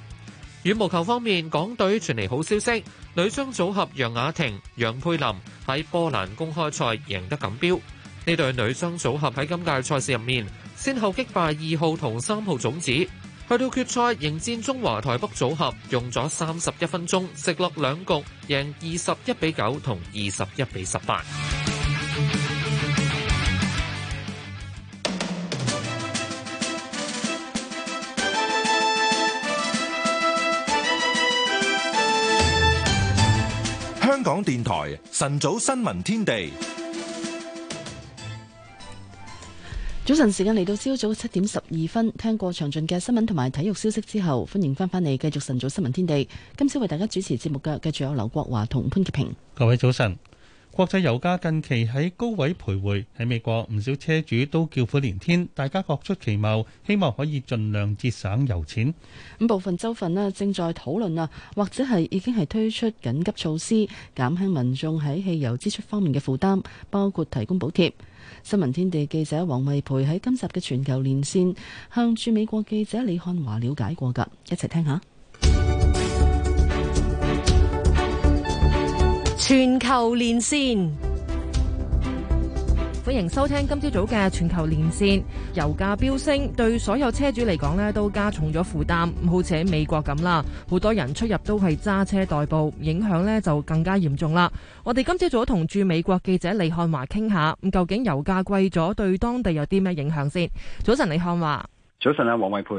羽毛球方面，港隊傳嚟好消息，女雙組合楊雅婷、楊佩琳喺波蘭公開賽贏得錦標。呢對女雙組合喺今屆賽事入面，先後擊敗二號同三號種子，去到決賽迎戰中華台北組合，用咗三十一分鐘直落兩局，贏二十一比九同二十一比十八。香港電台晨早新聞天地，早晨時間嚟到朝早七點十二分，聽過詳盡嘅新聞同埋體育消息之後，歡迎翻返嚟繼續晨早新聞天地。今朝為大家主持節目嘅，繼續有劉國華同潘潔平。各位早晨。國際油價近期喺高位徘徊，喺美國唔少車主都叫苦連天，大家各出奇謀，希望可以盡量節省油錢。咁部分州份咧，正在討論啊，或者係已經係推出緊急措施，減輕民眾喺汽油支出方面嘅負擔，包括提供補貼。新聞天地記者黃慧培喺今集嘅全球連線向駐美國記者李漢華了解過㗎，一齊聽一下。全球連線，歡迎收聽今朝早嘅全球連線。油價飆升對所有車主嚟講呢都加重咗負擔，好似喺美國咁啦，好多人出入都係揸車代步，影響呢就更加嚴重啦。我哋今朝早同駐美國記者李漢華傾下，咁究竟油價貴咗對當地有啲咩影響先？早晨，李漢華。早晨啊，王慧佩。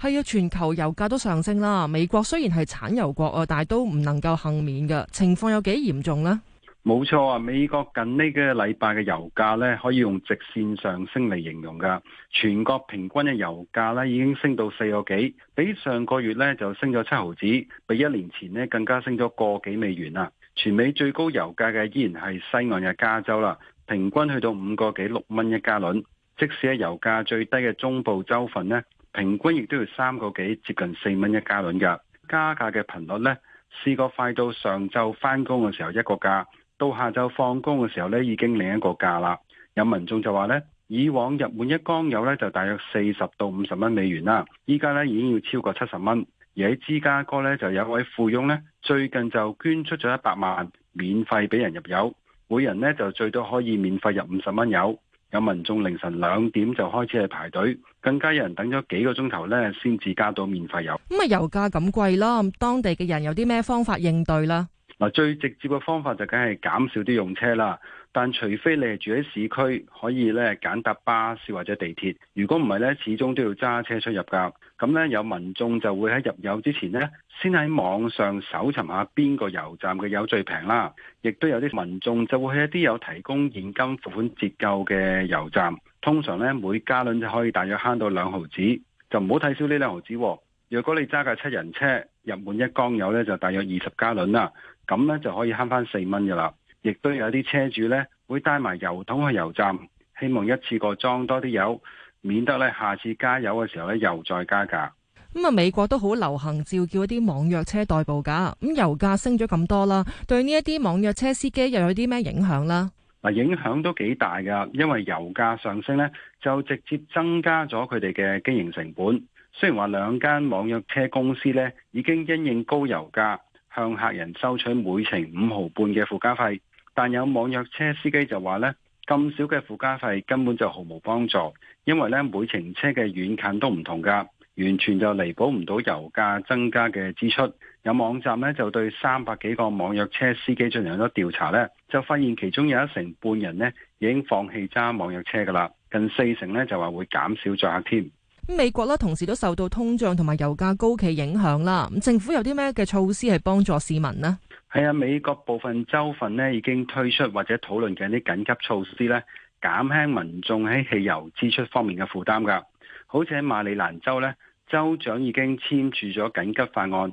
係啊，全球油價都上升啦。美國雖然係產油國啊，但係都唔能夠幸免噶。情況有幾嚴重呢？冇錯啊，美國近呢個禮拜嘅油價咧，可以用直線上升嚟形容噶。全國平均嘅油價咧，已經升到四個幾，比上個月咧就升咗七毫子，比一年前呢更加升咗個幾美元啦。全美最高油價嘅依然係西岸嘅加州啦，平均去到五個幾六蚊一加侖。即使喺油價最低嘅中部州份呢，平均亦都要三個幾，接近四蚊一加侖噶。加價嘅頻率呢，試過快到上晝翻工嘅時候一個價，到下晝放工嘅時候呢已經另一個價啦。有民眾就話呢，以往入滿一缸油呢就大約四十到五十蚊美元啦，依家呢已經要超過七十蚊。而喺芝加哥呢，就有一位富翁呢最近就捐出咗一百萬，免費俾人入油，每人呢就最多可以免費入五十蚊油。有民眾凌晨兩點就開始去排隊，更加有人等咗幾個鐘頭咧，先至加到免費油。咁啊，油價咁貴囉，當地嘅人有啲咩方法應對啦？嗱，最直接嘅方法就梗係減少啲用車啦。但除非你係住喺市區，可以咧揀搭巴士或者地鐵。如果唔係咧，始終都要揸車出入噶。咁咧有民眾就會喺入油之前呢，先喺網上搜尋下邊個油站嘅油最平啦。亦都有啲民眾就會去一啲有提供現金付款折扣嘅油站。通常咧每加侖就可以大約慳到兩毫子，就唔好睇少呢兩毫子，啊。若果你揸架七人車入滿一缸油咧，就大約二十加侖啦，咁咧就可以慳翻四蚊嘅啦。亦都有啲車主咧，會帶埋油桶去油站，希望一次過裝多啲油，免得咧下次加油嘅時候咧又再加價。咁啊、嗯，美國都好流行召叫一啲網約車代步㗎。咁、嗯、油價升咗咁多啦，對呢一啲網約車司機又有啲咩影響咧？嗱、嗯，影響都幾大㗎，因為油價上升咧，就直接增加咗佢哋嘅經營成本。雖然話兩間網約車公司咧已經因應高油價，向客人收取每程五毫半嘅附加費。但有網約車司機就話呢，咁少嘅附加費根本就毫無幫助，因為咧每程車嘅遠近都唔同噶，完全就彌補唔到油價增加嘅支出。有網站呢就對三百幾個網約車司機進行咗調查呢，就發現其中有一成半人呢已經放棄揸網約車噶啦，近四成呢就話會減少咗客添。美國咧同時都受到通脹同埋油價高企影響啦，政府有啲咩嘅措施係幫助市民呢？係啊，美國部分州份呢，已經推出或者討論緊啲緊急措施呢，減輕民眾喺汽油支出方面嘅負擔噶。好似喺馬里蘭州呢，州長已經簽署咗緊急法案，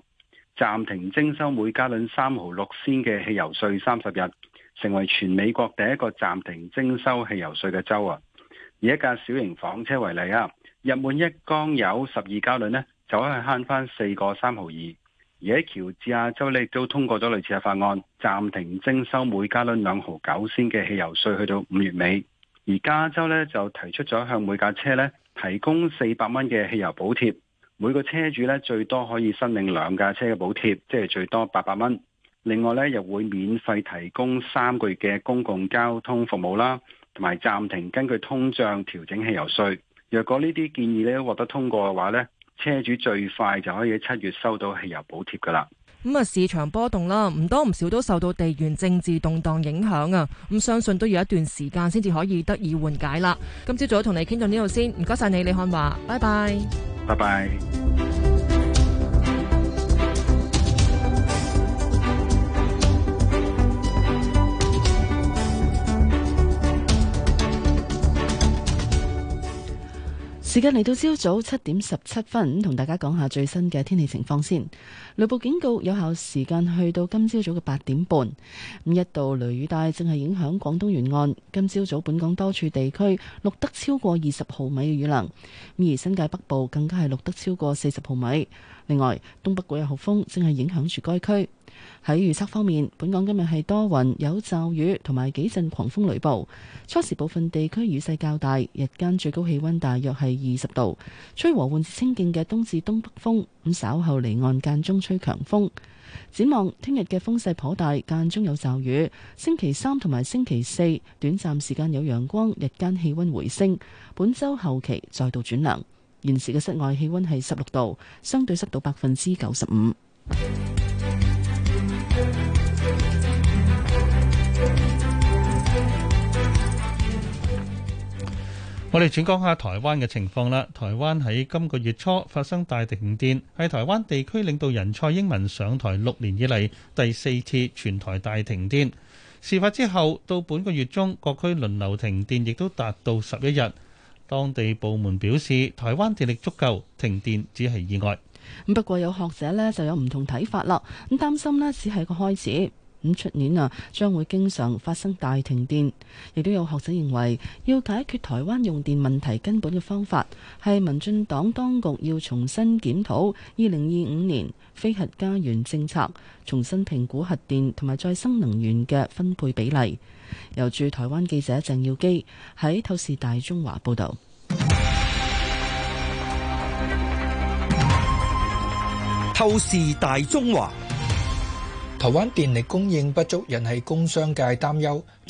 暫停徵收每加侖三毫六仙嘅汽油稅三十日，成為全美國第一個暫停徵收汽油稅嘅州啊！以一架小型房車為例啊，入滿一缸油十二加侖呢就可以慳翻四個三毫二。而喺喬治亞州亦都通過咗類似嘅法案，暫停徵收每加崙兩毫九仙嘅汽油稅，去到五月尾。而加州咧就提出咗向每架車咧提供四百蚊嘅汽油補貼，每個車主咧最多可以申領兩架車嘅補貼，即係最多八百蚊。另外咧又會免費提供三個月嘅公共交通服務啦，同埋暫停根據通脹調整汽油稅。若果呢啲建議咧獲得通過嘅話咧。車主最快就可以喺七月收到汽油補貼噶啦。咁啊、嗯，市場波動啦，唔多唔少都受到地緣政治動盪影響啊。咁相信都要一段時間先至可以得以緩解啦。今朝早同你傾到呢度先，唔該晒你，李漢華，拜拜，拜拜。時間嚟到朝早七點十七分，同大家講下最新嘅天氣情況先。雷暴警告有效時間去到今朝早嘅八點半。咁一度雷雨帶正係影響廣東沿岸。今朝早本港多處地區錄得超過二十毫米嘅雨量，而新界北部更加係錄得超過四十毫米。另外，東北季候風正係影響住該區。喺預測方面，本港今日係多雲，有驟雨同埋幾陣狂風雷暴。初時部分地區雨勢較大，日間最高氣溫大約係二十度，吹和緩至清勁嘅東至東北風。咁稍後離岸間中吹強風。展望聽日嘅風勢頗大，間中有驟雨。星期三同埋星期四短暫時間有陽光，日間氣溫回升。本週後期再度轉涼。現時嘅室外氣溫係十六度，相對濕度百分之九十五。 <noise> 我哋轉講下台灣嘅情況啦。台灣喺今個月初發生大停電，係台灣地區領導人蔡英文上台六年以嚟第四次全台大停電。事發之後到本個月中，各區輪流停電，亦都達到十一日。當地部門表示，台灣電力足夠，停電只係意外。咁不過有學者呢就有唔同睇法啦。咁擔心呢只係個開始。 <noise> <noise> <noise> 咁出年啊，將會經常發生大停電，亦都有學者認為，要解決台灣用電問題根本嘅方法，係民進黨當局要重新檢討二零二五年非核家園政策，重新評估核電同埋再生能源嘅分配比例。由駐台灣記者鄭耀基喺透視大中華報道。透視大中華。台灣電力供應不足，引起工商界擔憂。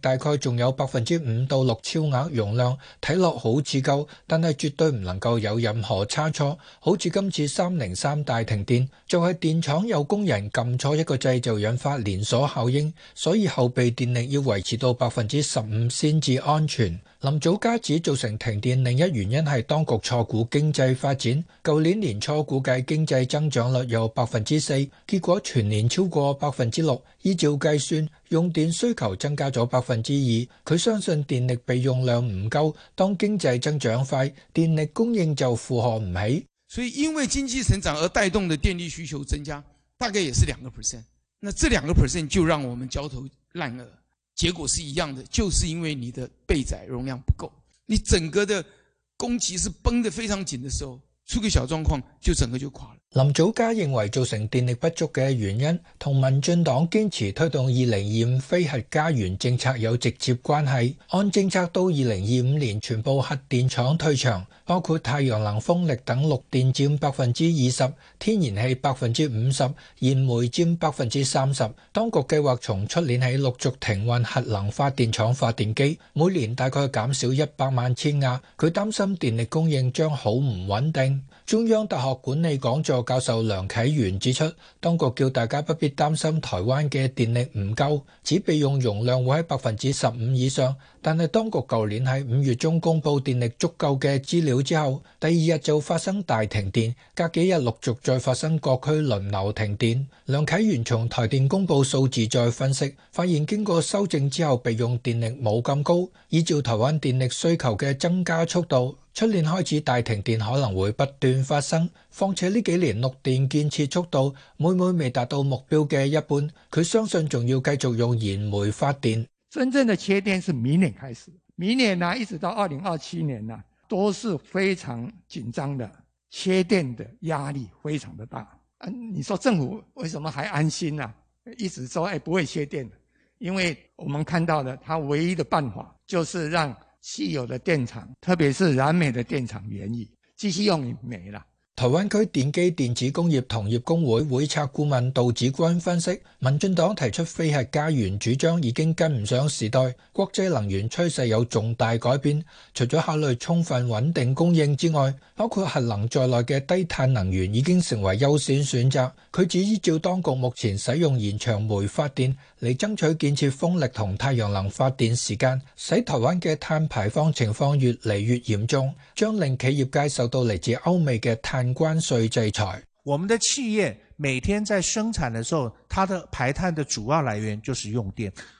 大概仲有百分之五到六超額容量，睇落，好似夠，但係絕對唔能夠有任何差錯。好似今次三零三大停電，就係電廠有工人撳錯一個掣，就引發連鎖效應，所以後備電力要維持到百分之十五先至安全。林祖嘉指造成停電另一原因係當局錯估經濟發展，舊年年初估計經濟增長率有百分之四，結果全年超過百分之六。依照計算，用電需求增加咗百分之二。佢相信電力備用量唔夠，當經濟增長快，電力供應就負荷唔起。所以因為經濟成長而帶動的電力需求增加，大概也是兩個 percent。那這兩個 percent 就讓我們焦頭爛額。結果是一樣的，就是因為你的備載容量不夠，你整個的供給是繃得非常緊的時候，出個小狀況就整個就垮了。林祖嘉認為造成電力不足嘅原因，同民進黨堅持推動二零二五非核家園政策有直接關係。按政策，到二零二五年全部核電廠退場，包括太陽能、風力等綠電占百分之二十，天然氣百分之五十，燃煤占百分之三十。當局計劃從出年起陸續停運核能發電廠發電機，每年大概減少一百萬千瓦。佢擔心電力供應將好唔穩定。中央大學管理講座教授梁啟源指出，當局叫大家不必擔心台灣嘅電力唔夠，指備用容量會喺百分之十五以上。但係當局舊年喺五月中公布電力足夠嘅資料之後，第二日就發生大停電，隔幾日陸續續再發生各區輪流停電。梁啟源從台電公布數字再分析，發現經過修正之後備用電力冇咁高，依照台灣電力需求嘅增加速度，出年開始大停電可能會不斷發生，況且呢幾年綠電建設速度每每未達到目標嘅一半，佢相信仲要繼續用燃煤發電。真正的缺電是明年開始，明年呢、啊、一直到二零二七年呢、啊，都是非常緊張的，缺電的壓力非常的大。嗯、啊，你說政府為什麼還安心呢、啊？一直說誒、欸、不會缺電，因為我們看到的，他唯一的辦法就是讓。汽有的電廠，特別是燃煤的電廠，原於繼續用於煤啦。台灣區電機電子工業同業公會會策顧問杜子君分析，民進黨提出非核家園主張已經跟唔上時代，國際能源趨勢有重大改變。除咗考慮充分穩定供應之外，包括核能在內嘅低碳能源已經成為優先選擇。佢指依照當局目前使用延長煤發電。嚟爭取建設風力同太陽能發電時間，使台灣嘅碳排放情況越嚟越嚴重，將令企業界受到嚟自歐美嘅碳關稅制裁。我們的企業每天在生產嘅時候，它的排碳的主要來源就是用電。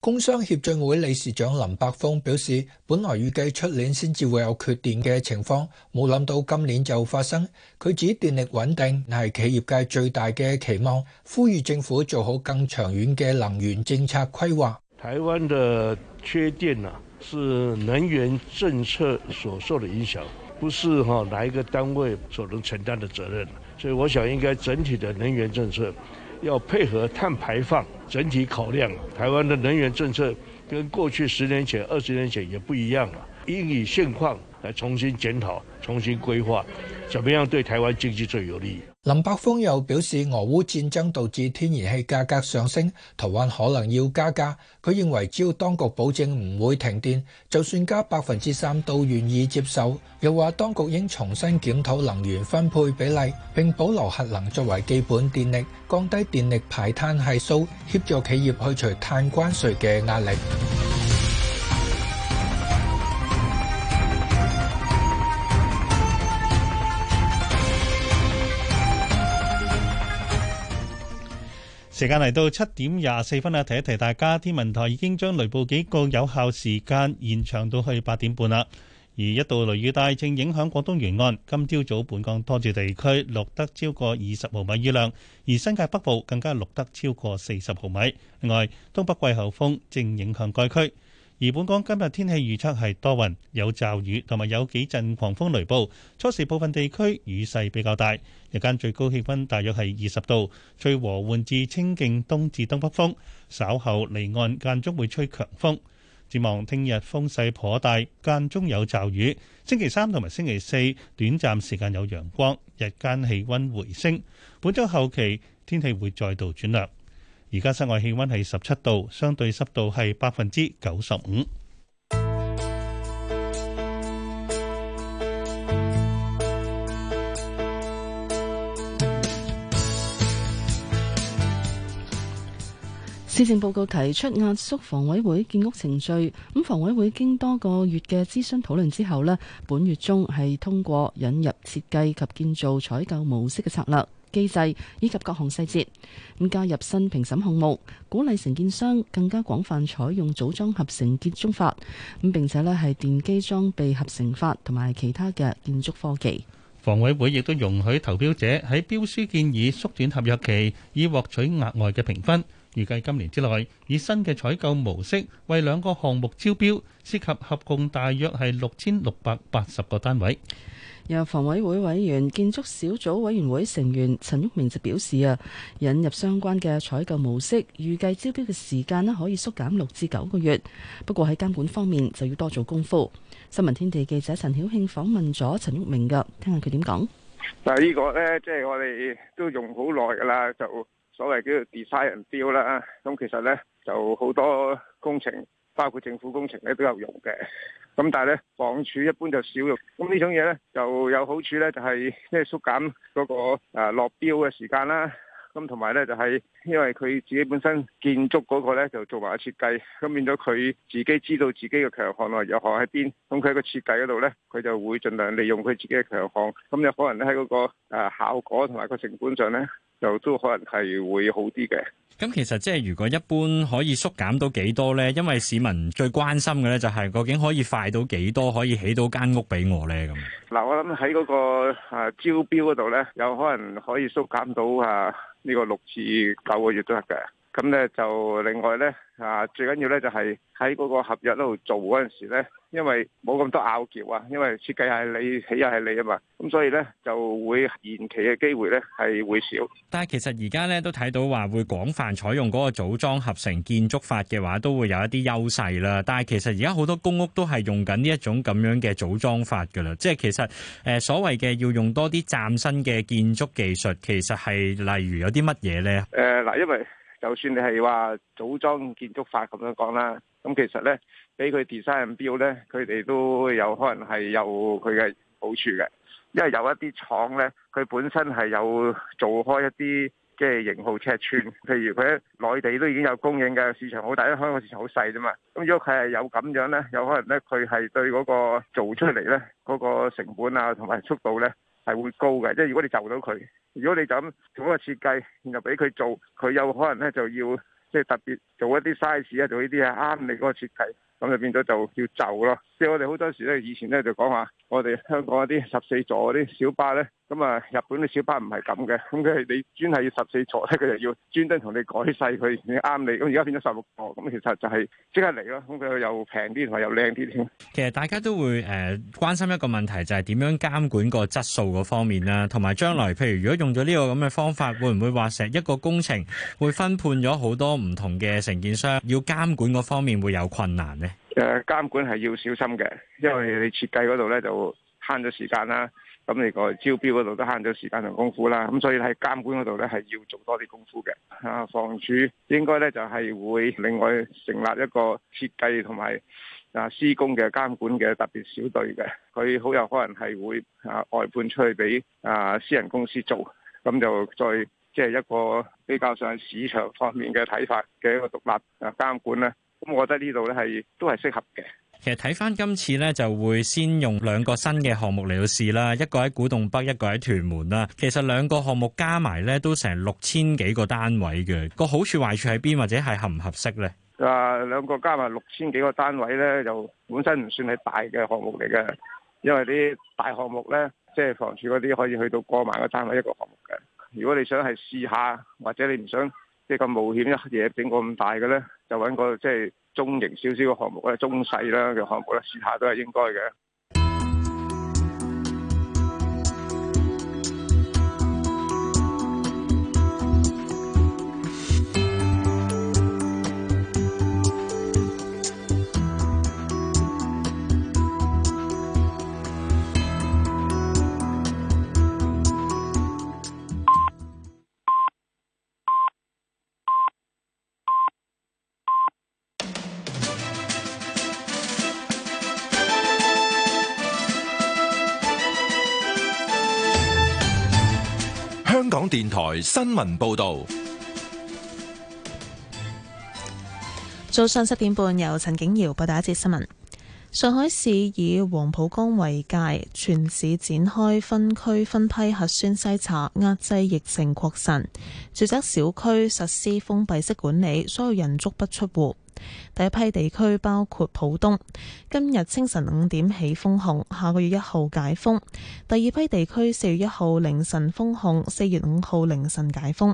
工商協進會理事長林柏峰表示，本來預計出年先至會有缺電嘅情況，冇諗到今年就發生。佢指電力穩定係企業界最大嘅期望，呼籲政府做好更長遠嘅能源政策規劃。台灣嘅缺電啊，是能源政策所受嘅影響，不是哈哪一個單位所能承擔的責任。所以我想應該整體嘅能源政策。要配合碳排放整體考量啊，台灣的能源政策跟過去十年前、二十年前也不一樣了，啊。應以現況來重新檢討、重新規劃，怎麼樣對台灣經濟最有利？林柏峰又表示，俄烏戰爭導致天然氣價格上升，台灣可能要加價。佢認為，只要當局保證唔會停電，就算加百分之三都願意接受。又話，當局應重新檢討能源分配比例，並保留核能作為基本電力，降低電力排碳係數，協助企業去除碳關稅嘅壓力。時間嚟到七點廿四分啦，提一提大家，天文台已經將雷暴警告有效時間延長到去八點半啦。而一道雷雨帶正影響廣東沿岸，今朝早本港多處地區錄得超過二十毫米雨量，而新界北部更加錄得超過四十毫米。另外，東北季候風正影響該區。而本港今日天氣預測係多雲，有驟雨同埋有幾陣狂風雷暴，初時部分地區雨勢比較大。日間最高氣溫大約係二十度，吹和緩至清勁東至東北風，稍後離岸間中會吹強風，展望聽日風勢頗大，間中有驟雨。星期三同埋星期四短暫時間有陽光，日間氣溫回升。本周後期天氣會再度轉涼。而家室外氣温係十七度，相對濕度係百分之九十五。施政報告提出壓縮房委會建屋程序，咁房委會經多個月嘅諮詢討論之後咧，本月中係通過引入設計及建造採購模式嘅策略。機制以及各項細節，咁加入新評審項目，鼓勵承建商更加廣泛採用組裝合成建築法，咁並且呢係電機裝備合成法同埋其他嘅建築科技。房委會亦都容許投標者喺標書建議縮短合約期，以獲取額外嘅評分。預計今年之內以新嘅採購模式為兩個項目招標，涉及合共大約係六千六百八十個單位。由房委會委員、建築小組委員會成員陳旭明就表示啊，引入相關嘅採購模式，預計招標嘅時間呢可以縮減六至九個月。不過喺監管方面就要多做功夫。新聞天地記者陳曉慶訪問咗陳旭明嘅，聽下佢點講。嗱，依個咧即係我哋都用好耐㗎啦，就所謂叫做 design build 啦。咁其實咧就好多工程，包括政府工程咧都有用嘅，咁但係咧房署一般就少用。咁呢種嘢咧就有好處咧，就係即係縮減嗰個、呃、落標嘅時間啦。咁同埋咧就係因為佢自己本身建築嗰個咧就做埋設計，咁變咗佢自己知道自己嘅強項同埋弱項喺邊。咁佢喺個設計嗰度咧，佢就會盡量利用佢自己嘅強項。咁有可能咧喺嗰個、呃、效果同埋個成本上咧。又都可能係會好啲嘅。咁、嗯、其實即係如果一般可以縮減到幾多呢？因為市民最關心嘅呢，就係究竟可以快到幾多，可以起到間屋俾我呢。咁嗱、嗯，我諗喺嗰個誒、啊、招標嗰度呢，有可能可以縮減到啊呢、這個六至九個月都得嘅。咁咧就另外咧啊，最緊要咧就係喺嗰個合約度做嗰陣時咧，因為冇咁多拗撬啊，因為設計係你，起又係你啊嘛，咁所以咧就會延期嘅機會咧係會少。但係其實而家咧都睇到話會廣泛採用嗰個組裝合成建築法嘅話，都會有一啲優勢啦。但係其實而家好多公屋都係用緊呢一種咁樣嘅組裝法噶啦，即係其實誒所謂嘅要用多啲嶄新嘅建築技術，其實係例如有啲乜嘢咧？誒嗱、呃，因為就算你係話組裝建築法咁樣講啦，咁其實呢，俾佢 design 標呢，佢哋都有可能係有佢嘅好處嘅，因為有一啲廠呢，佢本身係有做開一啲即係型號尺寸，譬如佢喺內地都已經有供應嘅，市場好大，因香港市場好細啫嘛。咁如果佢係有咁樣呢，有可能呢，佢係對嗰個做出嚟呢，嗰個成本啊，同埋速度呢。係會高嘅，即係如果你就到佢，如果你就咁做一個設計，然後俾佢做，佢有可能咧就要即係、就是、特別做一啲 size 啊，做呢啲啊啱你嗰個設計，咁就變咗就要就咯。即係我哋好多時咧，以前咧就講話，我哋香港嗰啲十四座嗰啲小巴咧。咁啊，日本嘅小巴唔係咁嘅，咁佢你專係要十四座咧，佢就要專登同你改細佢，你啱你。咁而家變咗十六座，咁其實就係即刻嚟咯，咁佢又平啲同埋又靚啲添。其實大家都會誒關心一個問題，就係點樣監管個質素嗰方面啦，同埋將來譬如如果用咗呢個咁嘅方法，會唔會話成一個工程會分判咗好多唔同嘅承建商，要監管嗰方面會有困難呢？誒，監管係要小心嘅，因為你設計嗰度咧就慳咗時間啦。咁你個招標嗰度都慳咗時間同功夫啦，咁所以喺監管嗰度咧係要做多啲功夫嘅。啊，房署應該咧就係會另外成立一個設計同埋啊施工嘅監管嘅特別小隊嘅，佢好有可能係會啊外判出去俾啊私人公司做，咁就再即係一個比較上市場方面嘅睇法嘅一個獨立啊監管咧，咁我覺得呢度咧係都係適合嘅。其實睇翻今次咧，就會先用兩個新嘅項目嚟到試啦，一個喺古洞北，一個喺屯門啦，啊。其實兩個項目加埋咧，都成六千幾個單位嘅。個好處壞處喺邊，或者係合唔合適咧？啊，兩個加埋六千幾個單位咧，就本身唔算係大嘅項目嚟嘅。因為啲大項目咧，即係房署嗰啲可以去到過萬個單位一個項目嘅。如果你想係試下，或者你唔想即係咁冒險一嘢整個咁大嘅咧，就搵個即係。中型少少嘅項目咧，中細啦嘅項目咧，試下都係應該嘅。電台新聞報道：早上七點半，由陳景瑤播第一節新聞。上海市以黃浦江為界，全市展開分區分批核酸篩查，壓制疫情擴散。住宅小區實施封閉式管理，所有人足不出戶。第一批地區包括浦東，今日清晨五點起封控，下個月一號解封。第二批地區四月一號凌晨封控，四月五號凌晨解封。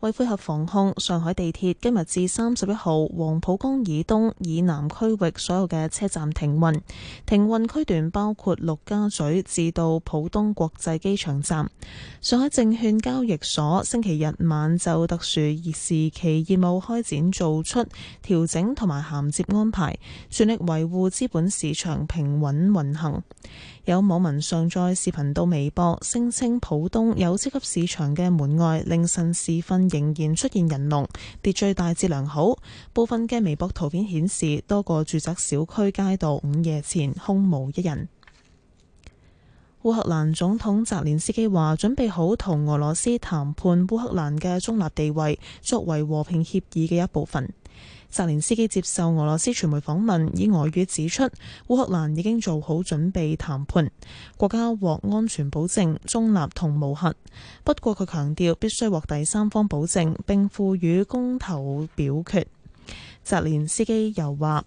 為配合防控，上海地鐵今日至三十一號，黃浦江以東以南區域所有嘅車站停運，停運區段包括陸家嘴至到浦東國際機場站。上海證券交易所星期日晚就特殊熱時期業務開展做出調整同埋銜接安排，全力維護資本市場平穩運行。有網民上載視頻到微博，聲稱浦東有超級市場嘅門外凌晨時分仍然出現人龍，秩序大致良好。部分嘅微博圖片顯示多個住宅小區街道午夜前空無一人。烏克蘭總統澤連斯基話，準備好同俄羅斯談判烏克蘭嘅中立地位，作為和平協議嘅一部分。澤連斯基接受俄羅斯傳媒訪問，以俄語指出烏克蘭已經做好準備談判，國家獲安全保證、中立同無核。不過佢強調必須獲第三方保證，並賦予公投表決。澤連斯基又話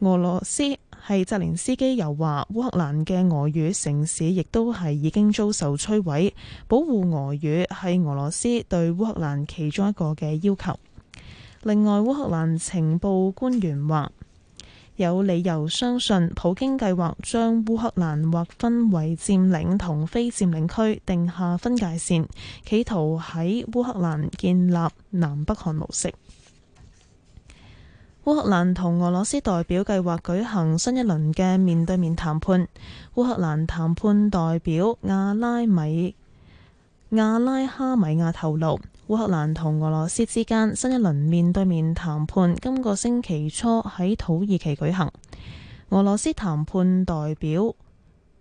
俄羅斯係澤連斯基又話烏克蘭嘅俄語城市亦都係已經遭受摧毀，保護俄語係俄羅斯對烏克蘭其中一個嘅要求。另外，烏克蘭情報官員話，有理由相信普京計劃將烏克蘭劃分為佔領同非佔領區，定下分界線，企圖喺烏克蘭建立南北韓模式。烏克蘭同俄羅斯代表計劃舉行新一輪嘅面對面談判。烏克蘭談判代表亞拉米亞拉哈米亞透露。烏克蘭同俄羅斯之間新一輪面對面談判今個星期初喺土耳其舉行。俄羅斯談判代表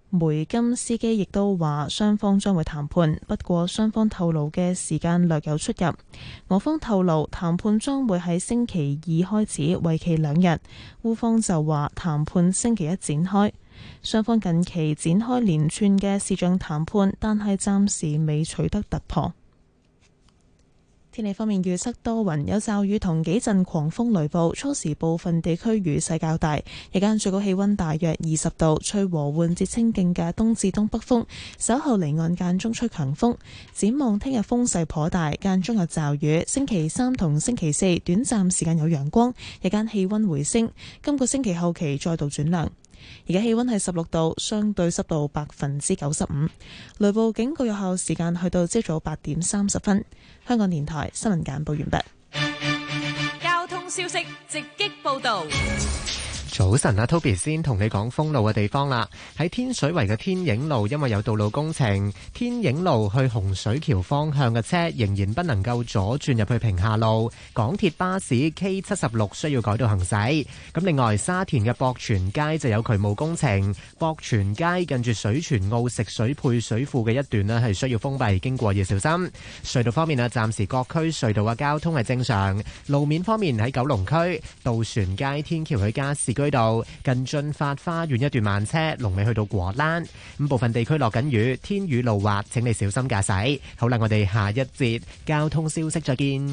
梅金斯基亦都話雙方將會談判，不過雙方透露嘅時間略有出入。俄方透露談判將會喺星期二開始，為期兩日。烏方就話談判星期一展開。雙方近期展開連串嘅視像談判，但係暫時未取得突破。天氣方面，預測多雲有驟雨同幾陣狂風雷暴，初時部分地區雨勢較大。日間最高氣溫大約二十度，吹和緩至清勁嘅東至東北風。稍後離岸間中吹強風，展望聽日風勢頗大，間中有驟雨。星期三同星期四短暫時間有陽光，日間氣溫回升。今個星期後期再度轉涼。而家氣溫係十六度，相對濕度百分之九十五。雷暴警告有效時間去到朝早八點三十分。香港電台新聞簡報完畢。交通消息直擊報道。早晨啊，Toby 先同你講封路嘅地方啦。喺天水圍嘅天影路，因為有道路工程，天影路去洪水橋方向嘅車仍然不能夠左轉入去平下路。港鐵巴士 K 七十六需要改道行駛。咁另外，沙田嘅博泉街就有渠務工程，博泉街近住水泉澳食水配水庫嘅一段咧係需要封閉，經過要小心。隧道方面啊，暫時各區隧道嘅交通係正常。路面方面喺九龍區渡船街天橋去加士去到近駿發花園一段慢車，龍尾去到果欄。咁部分地區落緊雨，天雨路滑，請你小心駕駛。好啦，我哋下一節交通消息再見。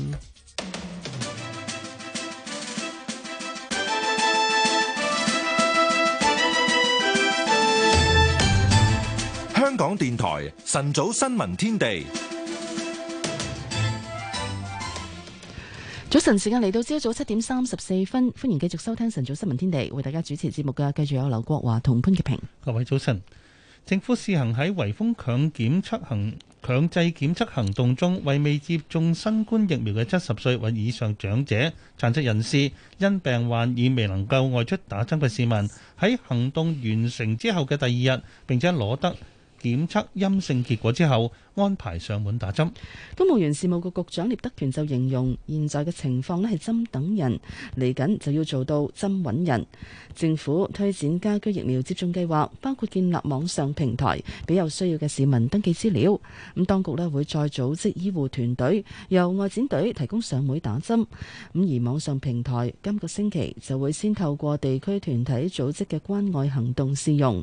香港電台晨早新聞天地。早晨時間嚟到朝早七點三十四分，歡迎繼續收聽晨早新聞天地，為大家主持節目嘅繼續有劉國華同潘潔平。各位早晨，政府試行喺圍封強檢測行強制檢測行動中，為未接種新冠疫苗嘅七十歲或以上長者、殘疾人士、因病患而未能夠外出打針嘅市民，喺行動完成之後嘅第二日，並且攞得檢測陰性結果之後。安排上門打針，公務員事務局局，局長聶德權就形容，現在嘅情況咧，係針等人嚟緊，就要做到針揾人。政府推展家居疫苗接種計劃，包括建立網上平台，俾有需要嘅市民登記資料。咁當局咧會再組織醫護團隊，由外展隊提供上門打針。咁而網上平台今個星期就會先透過地區團體組織嘅關愛行動試用。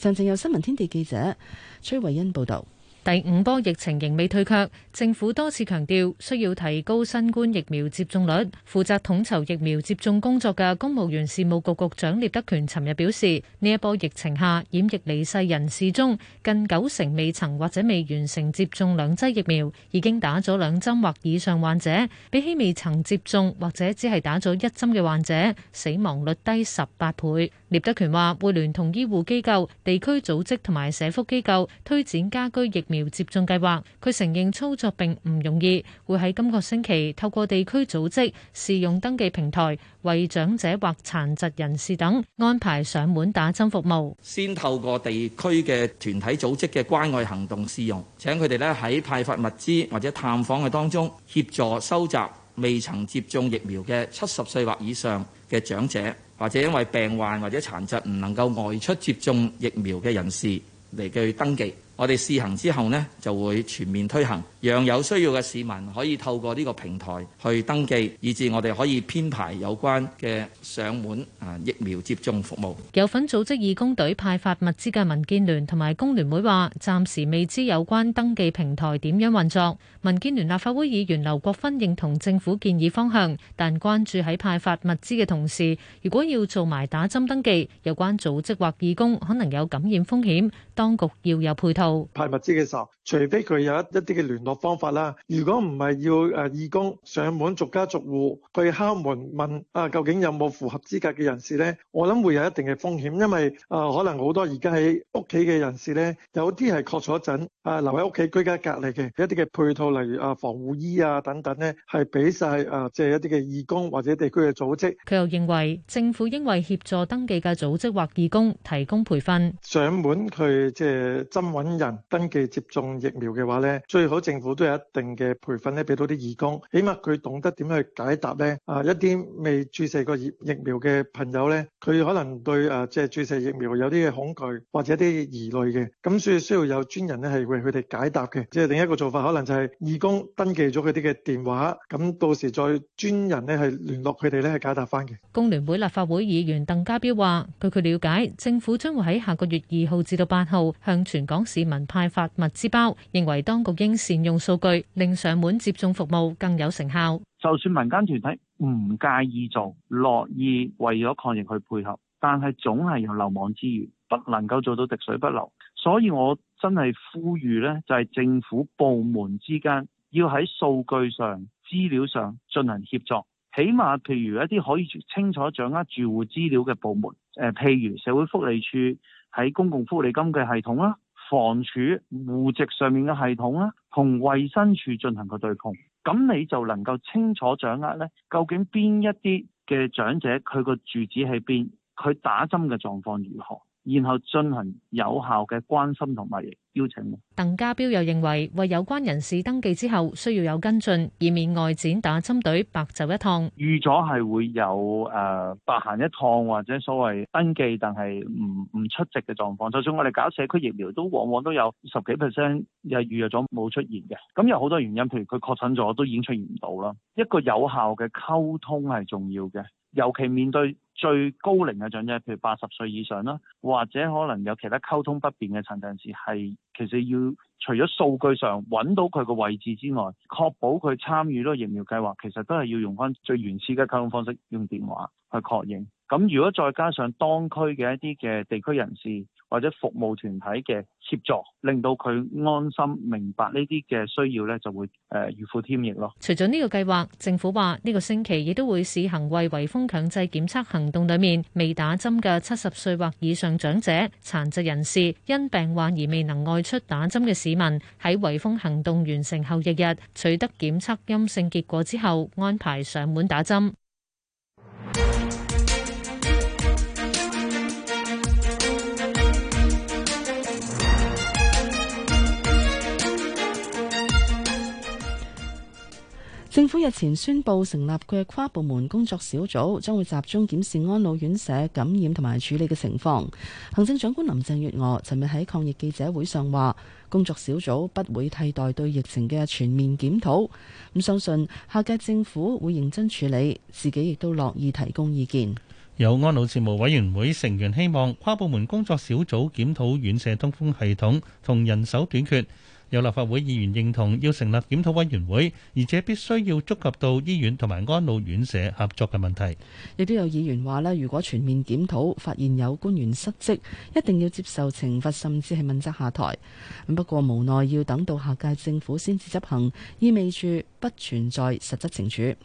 詳情由新聞天地記者崔慧欣報道。第五波疫情仍未退卻，政府多次強調需要提高新冠疫苗接種率。負責統籌疫苗接種工作嘅公務員事務局局長聶德權尋日表示，呢一波疫情下染疫離世人士中，近九成未曾或者未完成接種兩劑疫苗，已經打咗兩針或以上患者，比起未曾接種或者只係打咗一針嘅患者，死亡率低十八倍。聶德權話：會聯同醫護機構、地區組織同埋社福機構推展家居疫苗接種計劃。佢承認操作並唔容易，會喺今個星期透過地區組織試用登記平台，為長者或殘疾人士等安排上門打針服務。先透過地區嘅團體組織嘅關愛行動試用，請佢哋咧喺派發物資或者探訪嘅當中協助收集未曾接種疫苗嘅七十歲或以上嘅長者。或者因為病患或者殘疾唔能夠外出接種疫苗嘅人士嚟嘅去登記。我哋試行之後呢，就會全面推行，讓有需要嘅市民可以透過呢個平台去登記，以至我哋可以編排有關嘅上門啊疫苗接種服務。有份組織義工隊派發物資嘅民建聯同埋工聯會話，暫時未知有關登記平台點樣運作。民建聯立法會議員劉國勳認同政府建議方向，但關注喺派發物資嘅同時，如果要做埋打針登記，有關組織或義工可能有感染風險，當局要有配套。派物資嘅時候，除非佢有一一啲嘅聯絡方法啦。如果唔係要誒義工上門逐家逐戶去敲門問啊，究竟有冇符合資格嘅人士咧？我諗會有一定嘅風險，因為啊，可能好多而家喺屋企嘅人士咧，有啲係確咗診啊，留喺屋企居家隔離嘅一啲嘅配套，例如啊防護衣啊等等咧，係俾晒誒，即係一啲嘅義工或者地區嘅組織。佢又認為政府應為協助登記嘅組織或義工提供培訓，上門佢即係針揾人登記接種疫苗嘅話咧，最好政府都有一定嘅培訓咧，俾到啲義工，起碼佢懂得點樣去解答咧啊！一啲未注射過疫疫苗嘅朋友咧，佢可能對啊，即係注射疫苗有啲嘅恐懼或者啲疑慮嘅，咁所以需要有專人咧係為佢哋解答嘅。即係另一個做法，可能就係義工登記咗佢哋嘅電話，咁到時再專人咧係聯絡佢哋咧係解答翻嘅。工聯會立法會議員鄧家彪話，據佢了解，政府將會喺下個月二號至到八號向全港市市民派發物資包，認為當局應善用數據，令上門接種服務更有成效。就算民間團體唔介意做，樂意為咗抗疫去配合，但係總係有漏網之魚，不能夠做到滴水不漏。所以我真係呼籲呢，就係政府部門之間要喺數據上、資料上進行協作，起碼譬如一啲可以清楚掌握住戶資料嘅部門，誒、呃，譬如社會福利署喺公共福利金嘅系統啦。房署戶籍上面嘅系統啦，同衞生署進行個對碰，咁你就能夠清楚掌握呢，究竟邊一啲嘅長者佢個住址喺邊，佢打針嘅狀況如何。然後進行有效嘅關心同埋邀請。鄧家彪又認為，為有關人士登記之後，需要有跟進，以免外展打針隊白走一趟。預咗係會有誒、呃、白行一趟或者所謂登記，但係唔唔出席嘅狀況。就算我哋搞社區疫苗，都往往都有十幾 percent 又預約咗冇出現嘅。咁有好多原因，譬如佢確診咗都已經出現唔到啦。一個有效嘅溝通係重要嘅。尤其面對最高齡嘅長者，譬如八十歲以上啦，或者可能有其他溝通不便嘅層人士，係其實要除咗數據上揾到佢個位置之外，確保佢參與咗個疫苗計劃，其實都係要用翻最原始嘅溝通方式，用電話去確認。咁如果再加上當區嘅一啲嘅地區人士。或者服務團體嘅協助，令到佢安心明白呢啲嘅需要咧，就會誒如虎添翼咯。除咗呢個計劃，政府話呢、這個星期亦都會試行為圍封強制檢測行動裏面未打針嘅七十歲或以上長者、殘疾人士、因病患而未能外出打針嘅市民，喺圍封行動完成後翌日取得檢測陰性結果之後，安排上門打針。政府日前宣布成立嘅跨部門工作小組，將會集中檢視安老院舍感染同埋處理嘅情況。行政長官林鄭月娥尋日喺抗疫記者會上話：工作小組不會替代對疫情嘅全面檢討。咁相信下屆政府會認真處理，自己亦都樂意提供意見。有安老事務委員會成員希望跨部門工作小組檢討院舍通風系統同人手短缺。有立法會議員認同要成立檢討委員會，而且必須要觸及到醫院同埋安老院舍合作嘅問題。亦都有議員話咧，如果全面檢討，發現有官員失職，一定要接受懲罰，甚至係問責下台。不過無奈要等到下屆政府先至執行，意味住不存在實質懲處。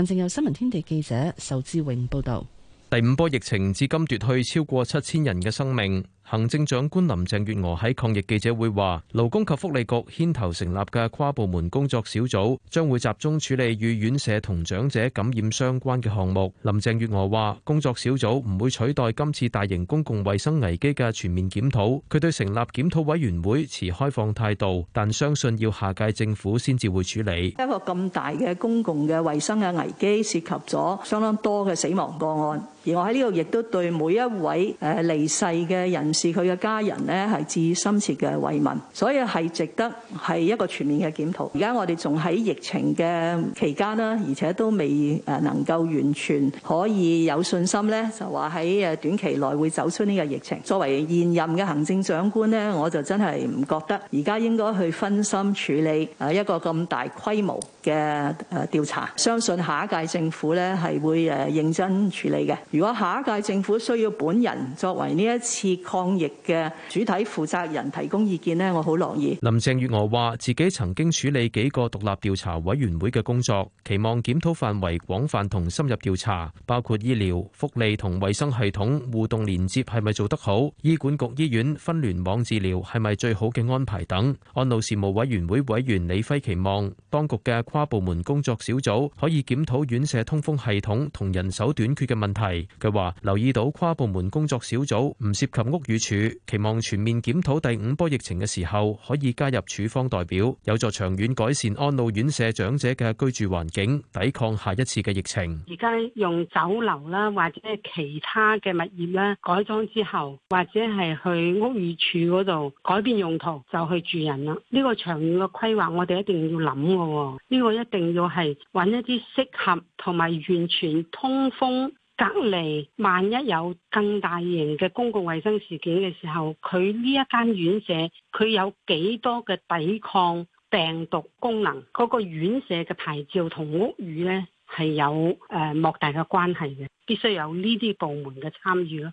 詳情由新聞天地記者壽志穎報導。第五波疫情至今奪去超過七千人嘅生命。行政長官林鄭月娥喺抗疫記者會話，勞工及福利局牽頭成立嘅跨部門工作小組，將會集中處理與院舍同長者感染相關嘅項目。林鄭月娥話，工作小組唔會取代今次大型公共衛生危機嘅全面檢討。佢對成立檢討委員會持開放態度，但相信要下屆政府先至會處理。一個咁大嘅公共嘅衛生嘅危機，涉及咗相當多嘅死亡個案。而我喺呢度亦都對每一位誒離世嘅人。是佢嘅家人呢，係，致深切嘅慰問，所以係值得係一個全面嘅檢討。而家我哋仲喺疫情嘅期間啦，而且都未能夠完全可以有信心咧，就話，喺短期內會走出呢個疫情。作為現任嘅行政長官咧，我就真係唔覺得而家應該去分心處理誒一個咁大規模。嘅誒調查，相信下一屆政府咧係會誒認真處理嘅。如果下一屆政府需要本人作為呢一次抗疫嘅主體負責人提供意見咧，我好樂意。林鄭月娥話自己曾經處理幾個獨立調查委員會嘅工作，期望檢討範圍廣泛同深入調查，包括醫療、福利同衛生系統互動連接係咪做得好，醫管局醫院分聯網治療係咪最好嘅安排等。安老事務委員會委員，委員李輝期望當局嘅跨部門工作小組可以檢討院舍通風系統同人手短缺嘅問題。佢話留意到跨部門工作小組唔涉及屋宇署，期望全面檢討第五波疫情嘅時候可以加入署方代表，有助長遠改善安老院舍長者嘅居住環境，抵抗下一次嘅疫情。而家用酒樓啦或者其他嘅物業啦改裝之後，或者係去屋宇署嗰度改變用途就去住人啦。呢個長遠嘅規劃我哋一定要諗嘅喎。呢個一定要係揾一啲適合同埋完全通風隔離，萬一有更大型嘅公共衞生事件嘅時候，佢呢一間院舍佢有幾多嘅抵抗病毒功能？嗰、那個院舍嘅牌照同屋宇呢係有誒、呃、莫大嘅關係嘅，必須有呢啲部門嘅參與咯。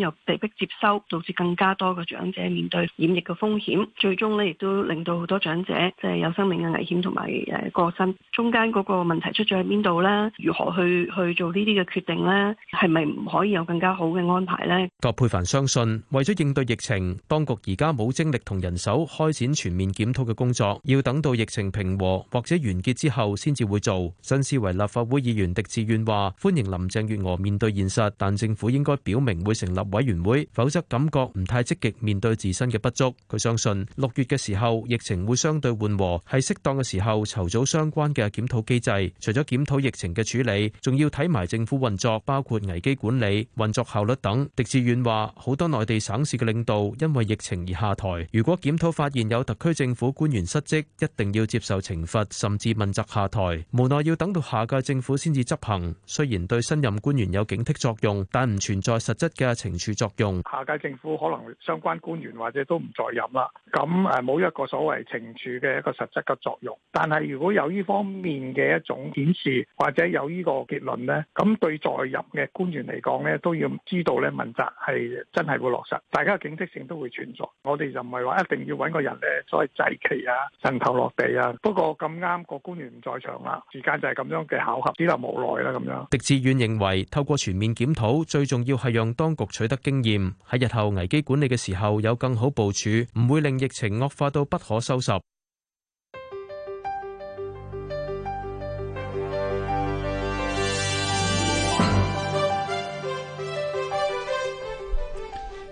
又被迫接收，導致更加多嘅長者面對染疫嘅風險，最終呢亦都令到好多長者即係有生命嘅危險同埋誒過身。中間嗰個問題出咗喺邊度呢？如何去去做呢啲嘅決定呢？係咪唔可以有更加好嘅安排呢？郭佩凡相信，為咗應對疫情，當局而家冇精力同人手開展全面檢討嘅工作，要等到疫情平和或者完結之後先至會做。新思維立法會議員狄志遠話：歡迎林鄭月娥面對現實，但政府應該表明會成立委員會，否則感覺唔太積極面對自身嘅不足。佢相信六月嘅時候疫情會相對緩和，係適當嘅時候籌組相關嘅檢討機制。除咗檢討疫情嘅處理，仲要睇埋政府運作，包括危機管理、運作效率等。狄志遠話：好多內地省市嘅領導因為疫情而下台。如果檢討發現有特區政府官員失職，一定要接受懲罰，甚至問責下台。無奈要等到下屆政府先至執行。雖然對新任官員有警惕作用，但唔存在實質嘅情處作用，下屆政府可能相關官員或者都唔在任啦，咁誒冇一個所謂懲處嘅一個實質嘅作用。但係如果有呢方面嘅一種顯示，或者有呢個結論咧，咁對在任嘅官員嚟講咧，都要知道咧問責係真係會落實，大家警惕性都會存在。我哋就唔係話一定要揾個人咧，所謂祭旗啊，塵頭落地啊。不過咁啱個官員唔在場啦，時間就係咁樣嘅巧合，只能無奈啦咁樣。狄志遠認為，透過全面檢討，最重要係讓當局取得經驗，喺日後危機管理嘅時候有更好部署，唔會令疫情惡化到不可收拾。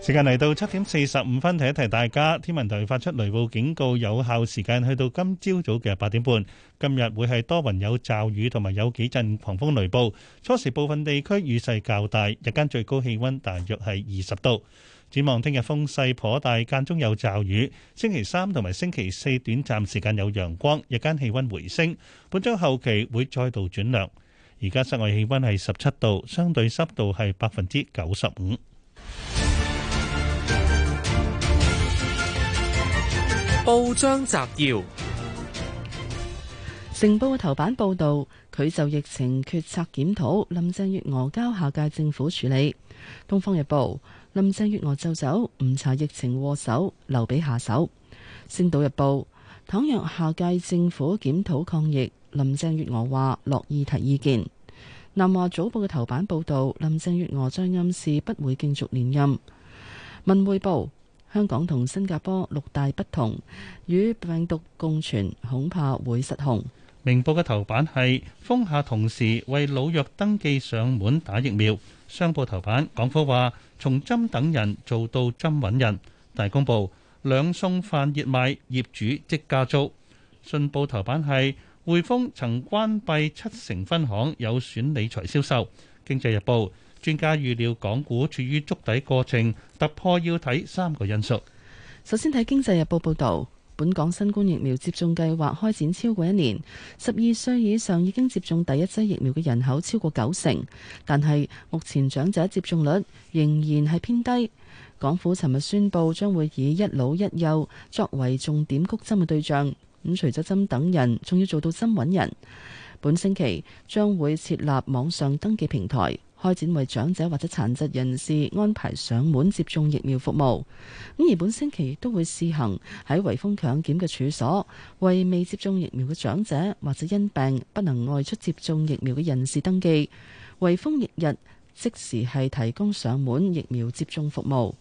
時間嚟到七點四十五分，提一提大家，天文台發出雷暴警告，有效時間去到今朝早嘅八點半。今日會係多雲有驟雨，同埋有幾陣狂風雷暴。初時部分地區雨勢較大，日間最高氣温大約係二十度。展望聽日風勢頗大，間中有驟雨。星期三同埋星期四短暫時間有陽光，日間氣温回升。本周後期會再度轉涼。而家室外氣温係十七度，相對濕度係百分之九十五。報章摘要：《成報》嘅頭版報道，佢就疫情決策檢討，林鄭月娥交下屆政府處理。《東方日報》：林鄭月娥就走，唔查疫情禍首，留俾下手。《星島日報》：倘若下屆政府檢討抗疫，林鄭月娥話樂意提意見。《南華早報》嘅頭版報道，林鄭月娥將暗示不會繼續連任。《文匯報》香港同新加坡六大不同，與病毒共存恐怕會失控。明報嘅頭版係封下，同時為老弱登記上門打疫苗。商報頭版，港府話從針等人做到針揾人。大公報，兩餸飯熱賣，業主即加租。信報頭版係匯豐曾關閉七成分行，有損理財銷售。經濟日報。專家預料港股處於築底過程，突破要睇三個因素。首先睇《經濟日報》報道，本港新冠疫苗接種計劃開展超過一年，十二歲以上已經接種第一劑疫苗嘅人口超過九成，但係目前長者接種率仍然係偏低。港府尋日宣布將會以一老一幼作為重點谷針嘅對象。咁除咗針等人，仲要做到針揾人。本星期將會設立網上登記平台。開展為長者或者殘疾人士安排上門接種疫苗服務，咁而本星期都會試行喺圍封強檢嘅處所，為未接種疫苗嘅長者或者因病不能外出接種疫苗嘅人士登記圍封翌日，即時係提供上門疫苗接種服務。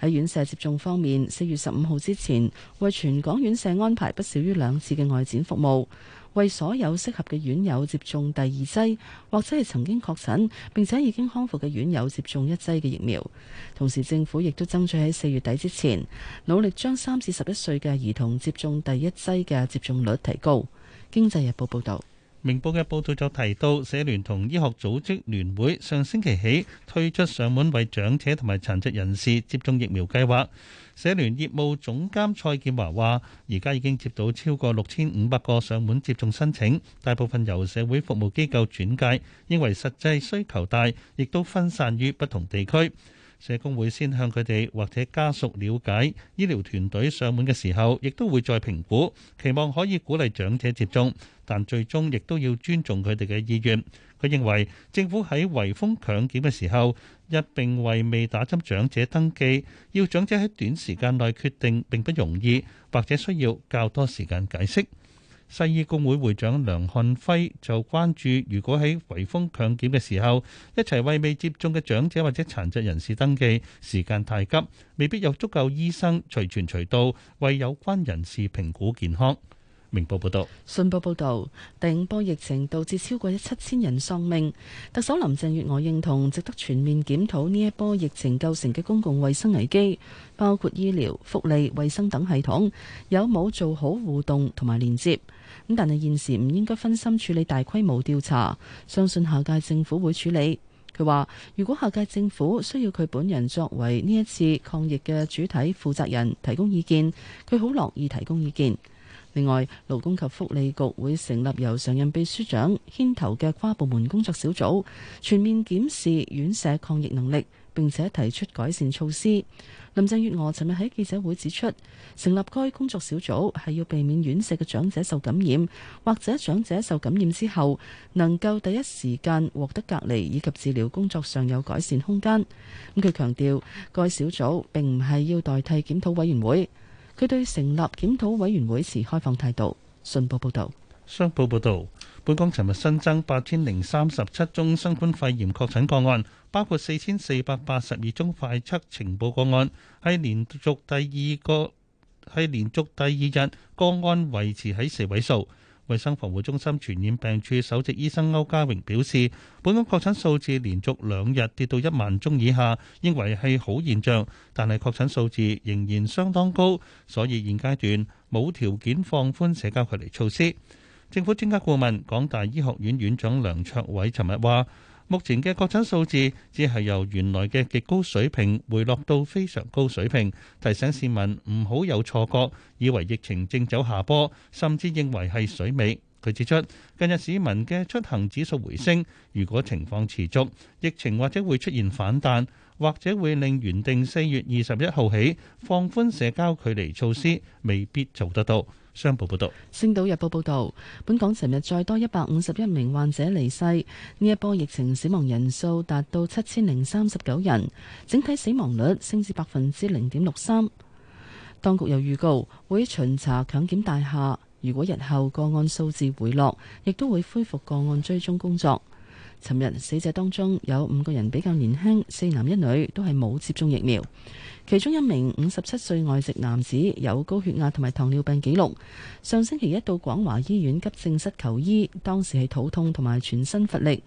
喺院舍接種方面，四月十五號之前，為全港院舍安排不少於兩次嘅外展服務。為所有適合嘅院友接種第二劑，或者係曾經確診並且已經康復嘅院友接種一劑嘅疫苗。同時，政府亦都爭取喺四月底之前，努力將三至十一歲嘅兒童接種第一劑嘅接種率提高。經濟日報報道，明報嘅報道就提到，社聯同醫學組織聯會上星期起推出上門為長者同埋殘疾人士接種疫苗計劃。社聯業務總監蔡建華話，而家已經接到超過六千五百個上門接種申請，大部分由社會服務機構轉介，認為實際需求大，亦都分散於不同地區。社工會先向佢哋或者家屬了解，醫療團隊上門嘅時候，亦都會再評估，期望可以鼓勵長者接種，但最終亦都要尊重佢哋嘅意願。佢認為政府喺圍封強檢嘅時候，一併為未打針長者登記，要長者喺短時間內決定並不容易，或者需要較多時間解釋。西醫工會會長梁漢輝就關注，如果喺圍封強檢嘅時候一齊為未接種嘅長者或者殘疾人士登記，時間太急，未必有足夠醫生隨傳隨到為有關人士評估健康。明報報道，信報報道，第五波疫情導致超過一七千人喪命。特首林鄭月娥認同，值得全面檢討呢一波疫情構成嘅公共衛生危機，包括醫療、福利、衛生等系統有冇做好互動同埋連接。咁但係現時唔應該分心處理大規模調查，相信下屆政府會處理。佢話：如果下屆政府需要佢本人作為呢一次抗疫嘅主體負責人提供意見，佢好樂意提供意見。另外，勞工及福利局會成立由常任秘書長牽頭嘅跨部門工作小組，全面檢視院舍抗疫能力，並且提出改善措施。林鄭月娥尋日喺記者會指出，成立該工作小組係要避免院舍嘅長者受感染，或者長者受感染之後能夠第一時間獲得隔離以及治療工作上有改善空間。咁佢強調，該小組並唔係要代替檢討委員會。佢對成立檢討委員會時開放態度。信報報導，商報報道，本港尋日新增八千零三十七宗新冠肺炎確診個案，包括四千四百八十二宗快測呈報個案，係連續第二個係連續第二日個案維持喺四位數。衛生防護中心傳染病處首席醫生歐家榮表示，本港確診數字連續兩日跌到一萬宗以下，認為係好現象，但係確診數字仍然相當高，所以現階段冇條件放寬社交距離措施。政府專家顧問、港大醫學院院長梁卓偉尋日話。目前嘅確診數字只係由原來嘅極高水平回落到非常高水平，提醒市民唔好有錯覺，以為疫情正走下坡，甚至認為係水尾。佢指出，近日市民嘅出行指數回升，如果情況持續，疫情或者會出現反彈，或者會令原定四月二十一號起放寬社交距離措施未必做得到。商報報道，《星島日報》報道：本港尋日再多一百五十一名患者離世，呢一波疫情死亡人數達到七千零三十九人，整體死亡率升至百分之零點六三。當局又預告會巡查強檢大廈，如果日後個案數字回落，亦都會恢復個案追蹤工作。尋日死者當中有五個人比較年輕，四男一女都係冇接種疫苗。其中一名五十七歲外籍男子有高血壓同埋糖尿病記錄，上星期一到廣華醫院急症室求醫，當時係肚痛同埋全身乏力，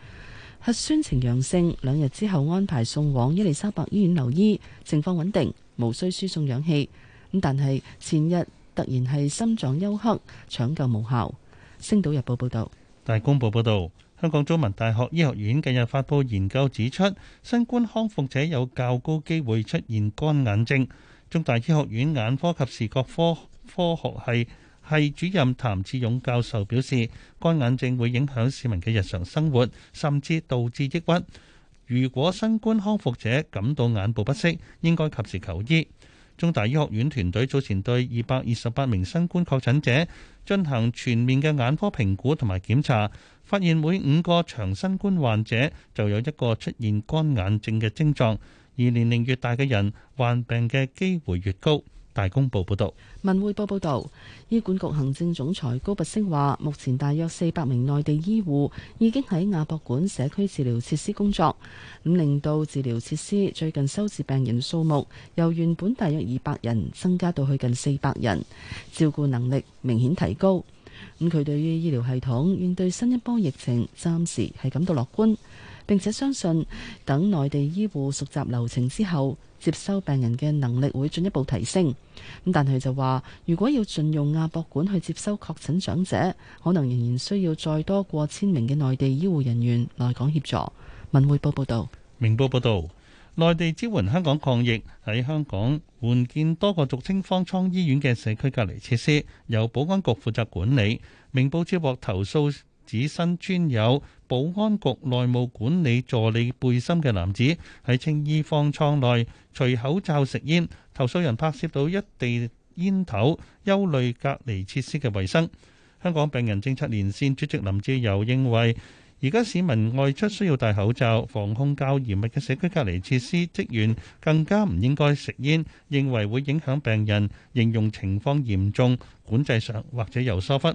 核酸呈陽性，兩日之後安排送往伊麗莎白醫院留醫，情況穩定，無需輸送氧氣，咁但係前日突然係心臟休克，搶救無效。星島日報報導，大公報報導。香港中文大學醫學院近日發布研究指出，新冠康復者有較高機會出現乾眼症。中大醫學院眼科及視覺科科學系系主任譚志勇教授表示，乾眼症會影響市民嘅日常生活，甚至導致抑鬱。如果新冠康復者感到眼部不適，應該及時求醫。中大醫學院團隊早前對二百二十八名新冠確診者進行全面嘅眼科評估同埋檢查，發現每五個長新冠患者就有一個出現乾眼症嘅症狀，而年齡越大嘅人患病嘅機會越高。大公報報道，文匯報報道，醫管局行政總裁高拔陞話，目前大約四百名內地醫護已經喺亞博館社區治療設施工作，咁令到治療設施最近收治病人數目由原本大約二百人增加到去近四百人，照顧能力明顯提高。咁佢對於醫療系統應對新一波疫情暫時係感到樂觀，並且相信等內地醫護熟習流程之後。接收病人嘅能力會進一步提升，咁但係就話如果要盡用亞博館去接收確診長者，可能仍然需要再多過千名嘅內地醫護人員來港協助。文匯報報道，明報報道，內地支援香港抗疫喺香港援建多個俗稱方艙醫院嘅社區隔離設施，由保安局負責管理。明報接獲投訴。指身穿有保安局內務管理助理背心嘅男子，喺青衣方艙內除口罩食煙。投訴人拍攝到一地煙頭，憂慮隔離設施嘅衞生。香港病人政策連線主席林志釉認為，而家市民外出需要戴口罩，防控較嚴密嘅社區隔離設施職員更加唔應該食煙，認為會影響病人應用情況嚴重，管制上或者有疏忽。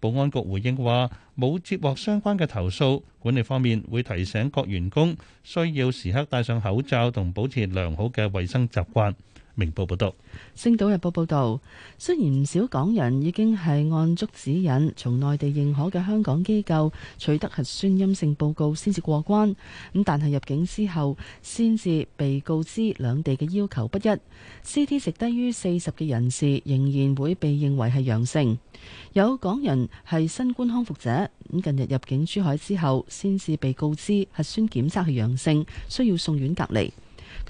保安局回應話，冇接獲相關嘅投訴，管理方面會提醒各員工需要時刻戴上口罩同保持良好嘅衛生習慣。明報報道，星島日報報道，雖然唔少港人已經係按足指引，從內地認可嘅香港機構取得核酸陰性報告先至過關，咁但係入境之後，先至被告知兩地嘅要求不一。CT 值低於四十嘅人士仍然會被認為係陽性，有港人係新冠康復者，咁近日入境珠海之後，先至被告知核酸檢測係陽性，需要送院隔離。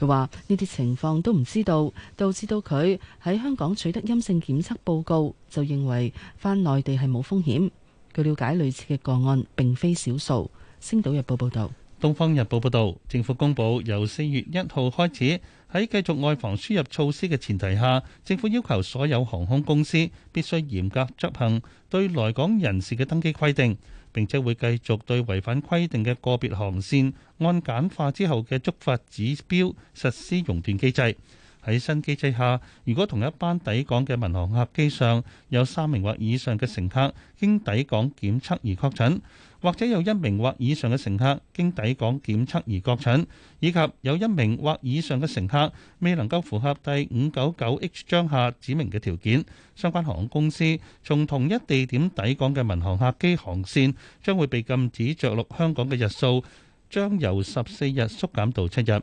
佢話：呢啲情況都唔知道，導致到佢喺香港取得陰性檢測報告，就認為返內地係冇風險。據了解，類似嘅個案並非少數。星島日報報道，東方日報報道，政府公佈由四月一號開始，喺繼續外防輸入措施嘅前提下，政府要求所有航空公司必須嚴格執行對來港人士嘅登機規定。並且會繼續對違反規定嘅個別航線，按簡化之後嘅觸發指標實施熔斷機制。喺新機制下，如果同一班抵港嘅民航客機上有三名或以上嘅乘客經抵港檢測而確診，或者有一名或以上嘅乘客經抵港檢測而確診，以及有一名或以上嘅乘客未能夠符合第五九九 H 章下指明嘅條件，相關航空公司從同一地點抵港嘅民航客機航線將會被禁止着陸香港嘅日數，將由十四日縮減到七日。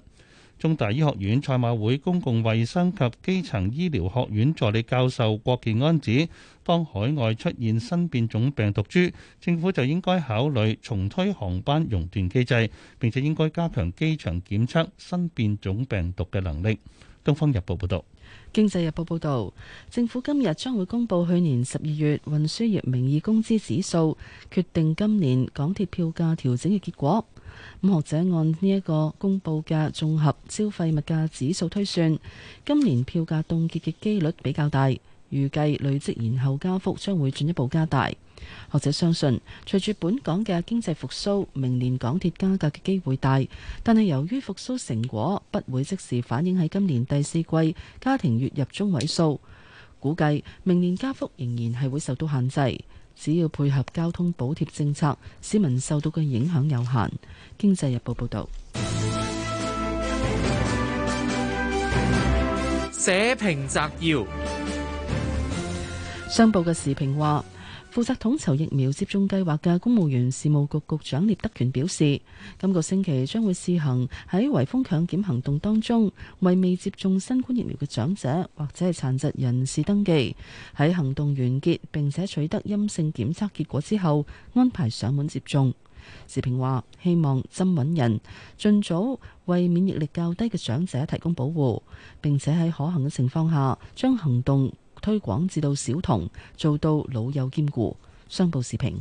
中大醫學院賽馬會公共衛生及基層醫療學院助理教授郭健安指，當海外出現新變種病毒株，政府就應該考慮重推航班熔斷機制，並且應該加強機場檢測新變種病毒嘅能力。《東方日報》報道。《經濟日報》報道，政府今日將會公布去年十二月運輸業名義工資指數，決定今年港鐵票價調整嘅結果。咁，學者按呢一個公布嘅綜合消費物價指數推算，今年票價凍結嘅機率比較大，預計累積延後加幅將會進一步加大。學者相信，隨住本港嘅經濟復甦，明年港鐵加價嘅機會大，但係由於復甦成果不會即時反映喺今年第四季家庭月入中位數，估計明年加幅仍然係會受到限制。只要配合交通補貼政策，市民受到嘅影響有限。經濟日報報道，社評摘要，商報嘅時評話。負責統籌疫苗接種計劃嘅公務員事務局局長聶德權表示，今個星期將會試行喺圍封強檢行動當中，為未接種新冠疫苗嘅長者或者係殘疾人士登記，喺行動完結並且取得陰性檢測結果之後，安排上門接種。時評話希望針揾人，盡早為免疫力較低嘅長者提供保護，並且喺可行嘅情況下，將行動。推廣至到小童，做到老幼兼顧。商報視評，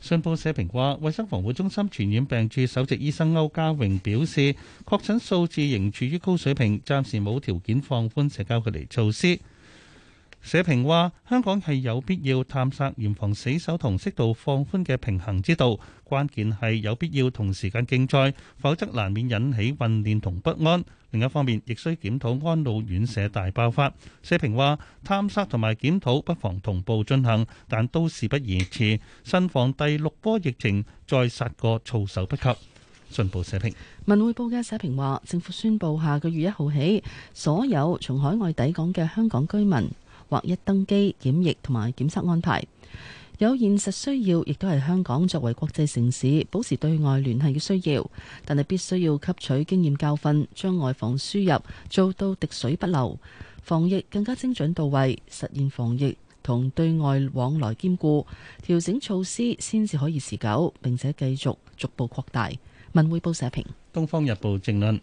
商報社評話，衛生防護中心傳染病處首席醫生歐家榮表示，確診數字仍處於高水平，暫時冇條件放寬社交距離措施。社評話：香港係有必要探索嚴防死守同適度放寬嘅平衡之道，關鍵係有必要同時間競賽，否則難免引起混亂同不安。另一方面，亦需檢討安老院舍大爆發。社評話：探索同埋檢討不妨同步進行，但都事不宜遲。新防第六波疫情再殺個措手不及。信報社評，文匯報嘅社評話：政府宣布下個月一號起，所有從海外抵港嘅香港居民。或一登機檢疫同埋檢測安排，有現實需要，亦都係香港作為國際城市保持對外聯繫嘅需要。但係必須要吸取經驗教訓，將外防輸入做到滴水不漏，防疫更加精準到位，實現防疫同對外往來兼顧。調整措施先至可以持久，並且繼續逐步擴大。文匯報社評，《東方日報》正論。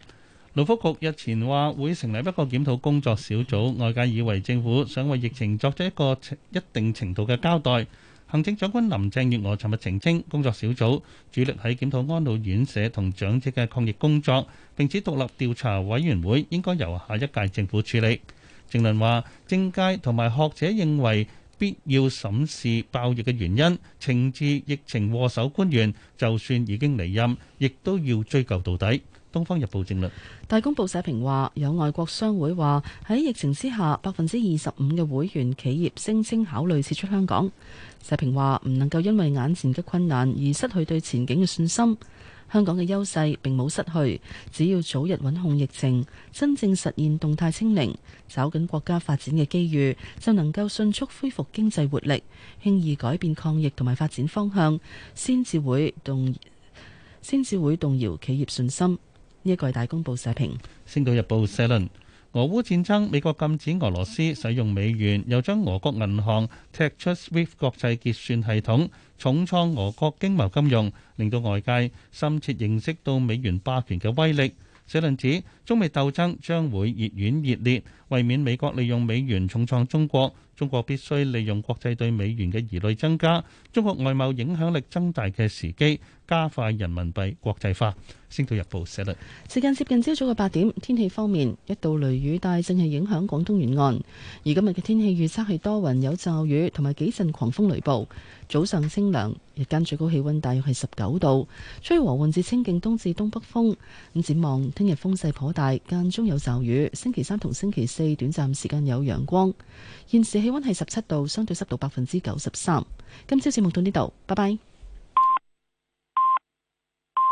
勞福局日前話會成立一個檢討工作小組，外界以為政府想為疫情作出一個一定程度嘅交代。行政長官林鄭月娥尋日澄清，工作小組主力喺檢討安老院舍同長者嘅抗疫工作，並指獨立調查委員會應該由下一屆政府處理。政論話政界同埋學者認為必要審視爆疫嘅原因，懲治疫情禍首官員，就算已經離任，亦都要追究到底。方大公報社評話，有外國商會話喺疫情之下，百分之二十五嘅會員企業聲稱考慮撤出香港。社評話唔能夠因為眼前嘅困難而失去對前景嘅信心。香港嘅優勢並冇失去，只要早日穩控疫情，真正實現動態清零，抓緊國家發展嘅機遇，就能夠迅速恢復經濟活力，輕易改變抗疫同埋發展方向，先至會動先至會動搖企業信心。《一代大公報》社評，《星島日報》社論：俄烏戰爭，美國禁止俄羅斯使用美元，又將俄國銀行踢出 SWIFT 國際結算系統，重創俄國經貿金融，令到外界深切認識到美元霸權嘅威力。社論指，中美鬥爭將會越演越烈，為免美國利用美元重創中國。中國必須利用國際對美元嘅疑慮增加、中國外貿影響力增大嘅時機，加快人民幣國際化。星島日報寫嘅。時間接近朝早嘅八點，天氣方面一道雷雨帶正係影響廣東沿岸，而今日嘅天氣預測係多雲有驟雨同埋幾陣狂風雷暴。早上清涼，日間最高氣溫大約係十九度，吹和緩至清勁東至東北風。咁展望聽日風勢頗大，間中有驟雨。星期三同星期四短暫時間有陽光。現時。氣溫係十七度，相對濕度百分之九十三。今朝節目到呢度，拜拜。